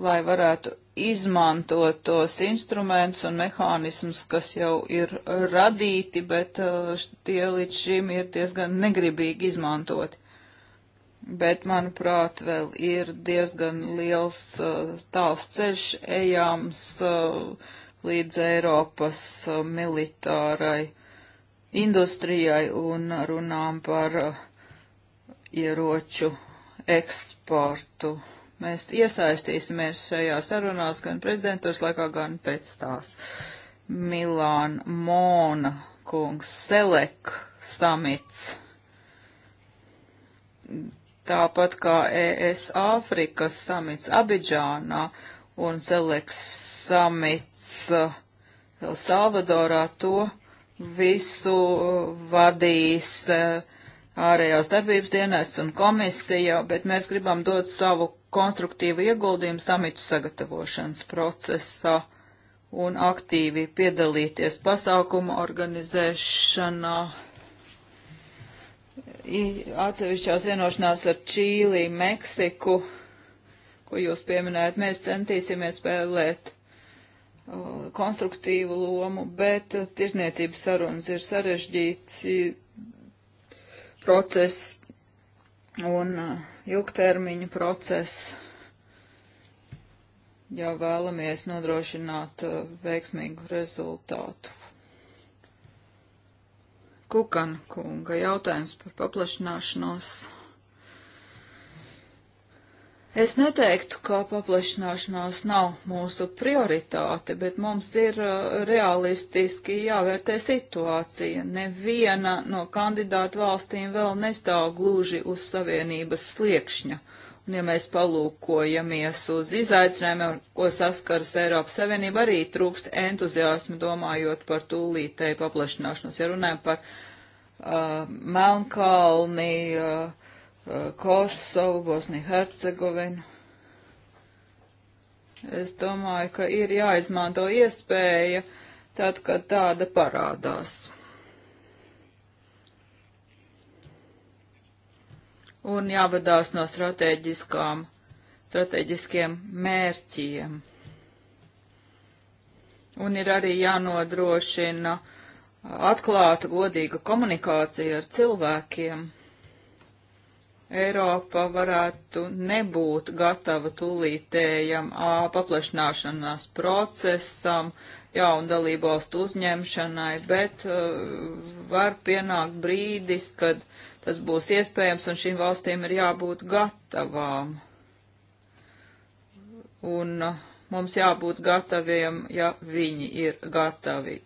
lai varētu izmantot tos instrumentus un mehānismus, kas jau ir radīti, bet uh, tie līdz šim ir diezgan negribīgi izmantoti. Bet, manuprāt, vēl ir diezgan liels uh, tāls ceļš ejams uh, līdz Eiropas militārai industrijai un runām par ieroču eksportu. Mēs iesaistīsimies šajās sarunās gan prezidentūras laikā, gan pēc tās. Milāna Mona kungs, Selek samits. Tāpat kā ES Āfrikas samits Abidžānā un Selek samits uh, El Salvadorā to visu uh, vadīs uh, ārējās darbības dienests un komisija, bet mēs gribam dot savu konstruktīvu ieguldījumu samitu sagatavošanas procesā un aktīvi piedalīties pasākumu organizēšanā. Atsevišķās vienošanās ar Čīlī, Meksiku, ko jūs pieminējat, mēs centīsimies spēlēt uh, konstruktīvu lomu, bet tirzniecības sarunas ir sarežģīts process, un ilgtermiņu procesu, ja vēlamies nodrošināt veiksmīgu rezultātu. Kukan kunga jautājums par paplašināšanos. Es neteiktu, ka paplašināšanās nav mūsu prioritāte, bet mums ir uh, realistiski jāvērtē situācija. Neviena no kandidātu valstīm vēl nestāv gluži uz savienības sliekšņa. Un ja mēs palūkojamies uz izaicinājumiem, ko saskaras Eiropas Savienība, arī trūkst entuziasmu domājot par tūlītēju paplašināšanos. Ja runājam par uh, Melnkalni, uh, Kosovu, Bosniju Hercegovinu. Es domāju, ka ir jāizmanto iespēja tad, kad tāda parādās. Un jāvadās no strateģiskām, strateģiskiem mērķiem. Un ir arī jānodrošina atklāta, godīga komunikācija ar cilvēkiem. Eiropa varētu nebūt gatava tūlītējam paplašināšanās procesam, jaunu dalību valstu uzņemšanai, bet uh, var pienākt brīdis, kad tas būs iespējams un šīm valstīm ir jābūt gatavām. Un uh, mums jābūt gataviem, ja viņi ir gatavi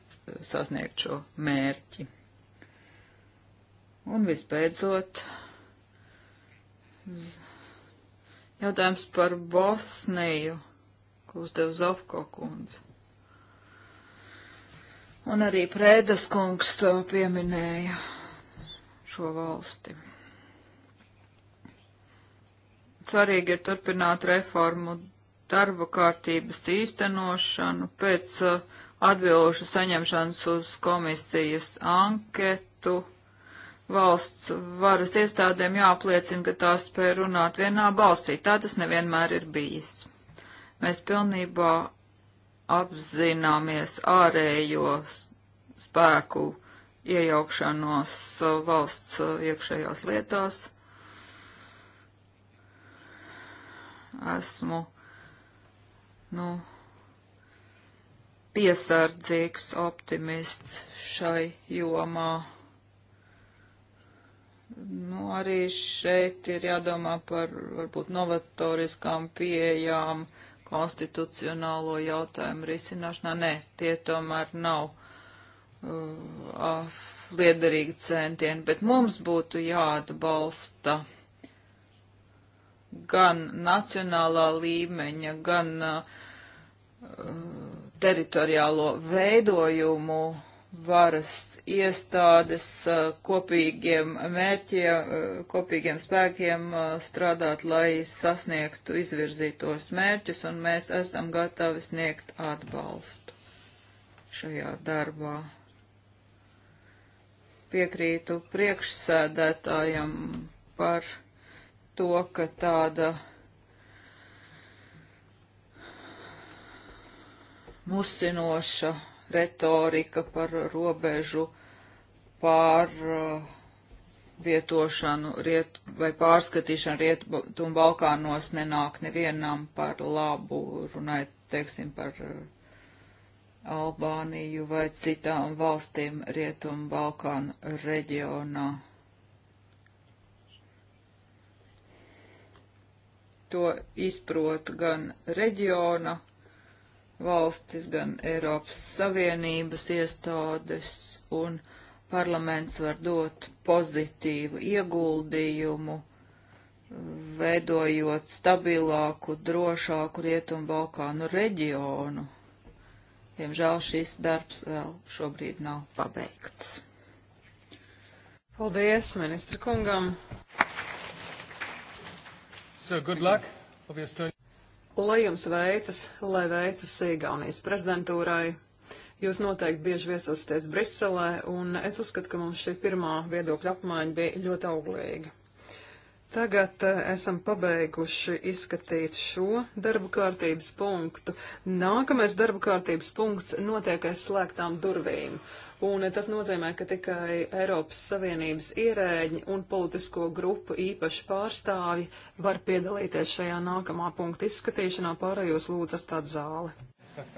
sasniegt šo mērķi. Un visbeidzot. Jautājums par Bosniju, ko uzdev Zofko kundze. Un arī Prēdas kungs pieminēja šo valsti. Svarīgi ir turpināt reformu darba kārtības īstenošanu pēc uh, atbilžu saņemšanas uz komisijas anketu valsts varas iestādēm jāapliecina, ka tās spēj runāt vienā balsī. Tā tas nevienmēr ir bijis. Mēs pilnībā apzināmies ārējo spēku iejaukšanos valsts iekšējās lietās. Esmu, nu, piesardzīgs optimists šai jomā. Nu, arī šeit ir jādomā par varbūt novatoriskām pieejām konstitucionālo jautājumu risināšanā. Nē, tie tomēr nav uh, liederīgi centieni, bet mums būtu jāatbalsta gan nacionālā līmeņa, gan uh, teritoriālo veidojumu varas iestādes uh, kopīgiem mērķiem, uh, kopīgiem spēkiem uh, strādāt, lai sasniegtu izvirzītos mērķus, un mēs esam gatavi sniegt atbalstu šajā darbā. Piekrītu priekšsēdētājam par to, ka tāda musinoša retorika par robežu pārvietošanu uh, riet, vai pārskatīšanu Rietumu Balkānos nenāk nevienam par labu, runājot, teiksim, par uh, Albāniju vai citām valstīm Rietumu Balkānu reģionā. To izprot gan reģiona valstis, gan Eiropas Savienības iestādes un parlaments var dot pozitīvu ieguldījumu, veidojot stabilāku, drošāku Rietumu Balkānu reģionu. Diemžēl šis darbs vēl šobrīd nav pabeigts. Paldies, ministra kungam! So, good luck. Obviously. Lai jums veicas, lai veicas Igaunijas prezidentūrai. Jūs noteikti bieži viesosieties Briselē, un es uzskatu, ka mums šī pirmā viedokļa apmaiņa bija ļoti auglīga. Tagad eh, esam pabeiguši izskatīt šo darba kārtības punktu. Nākamais darba kārtības punkts notiek aiz slēgtām durvīm un tas nozīmē, ka tikai Eiropas Savienības ierēģi un politisko grupu īpaši pārstāvi var piedalīties šajā nākamā punkta izskatīšanā, pārējos lūdzas tāda zāle.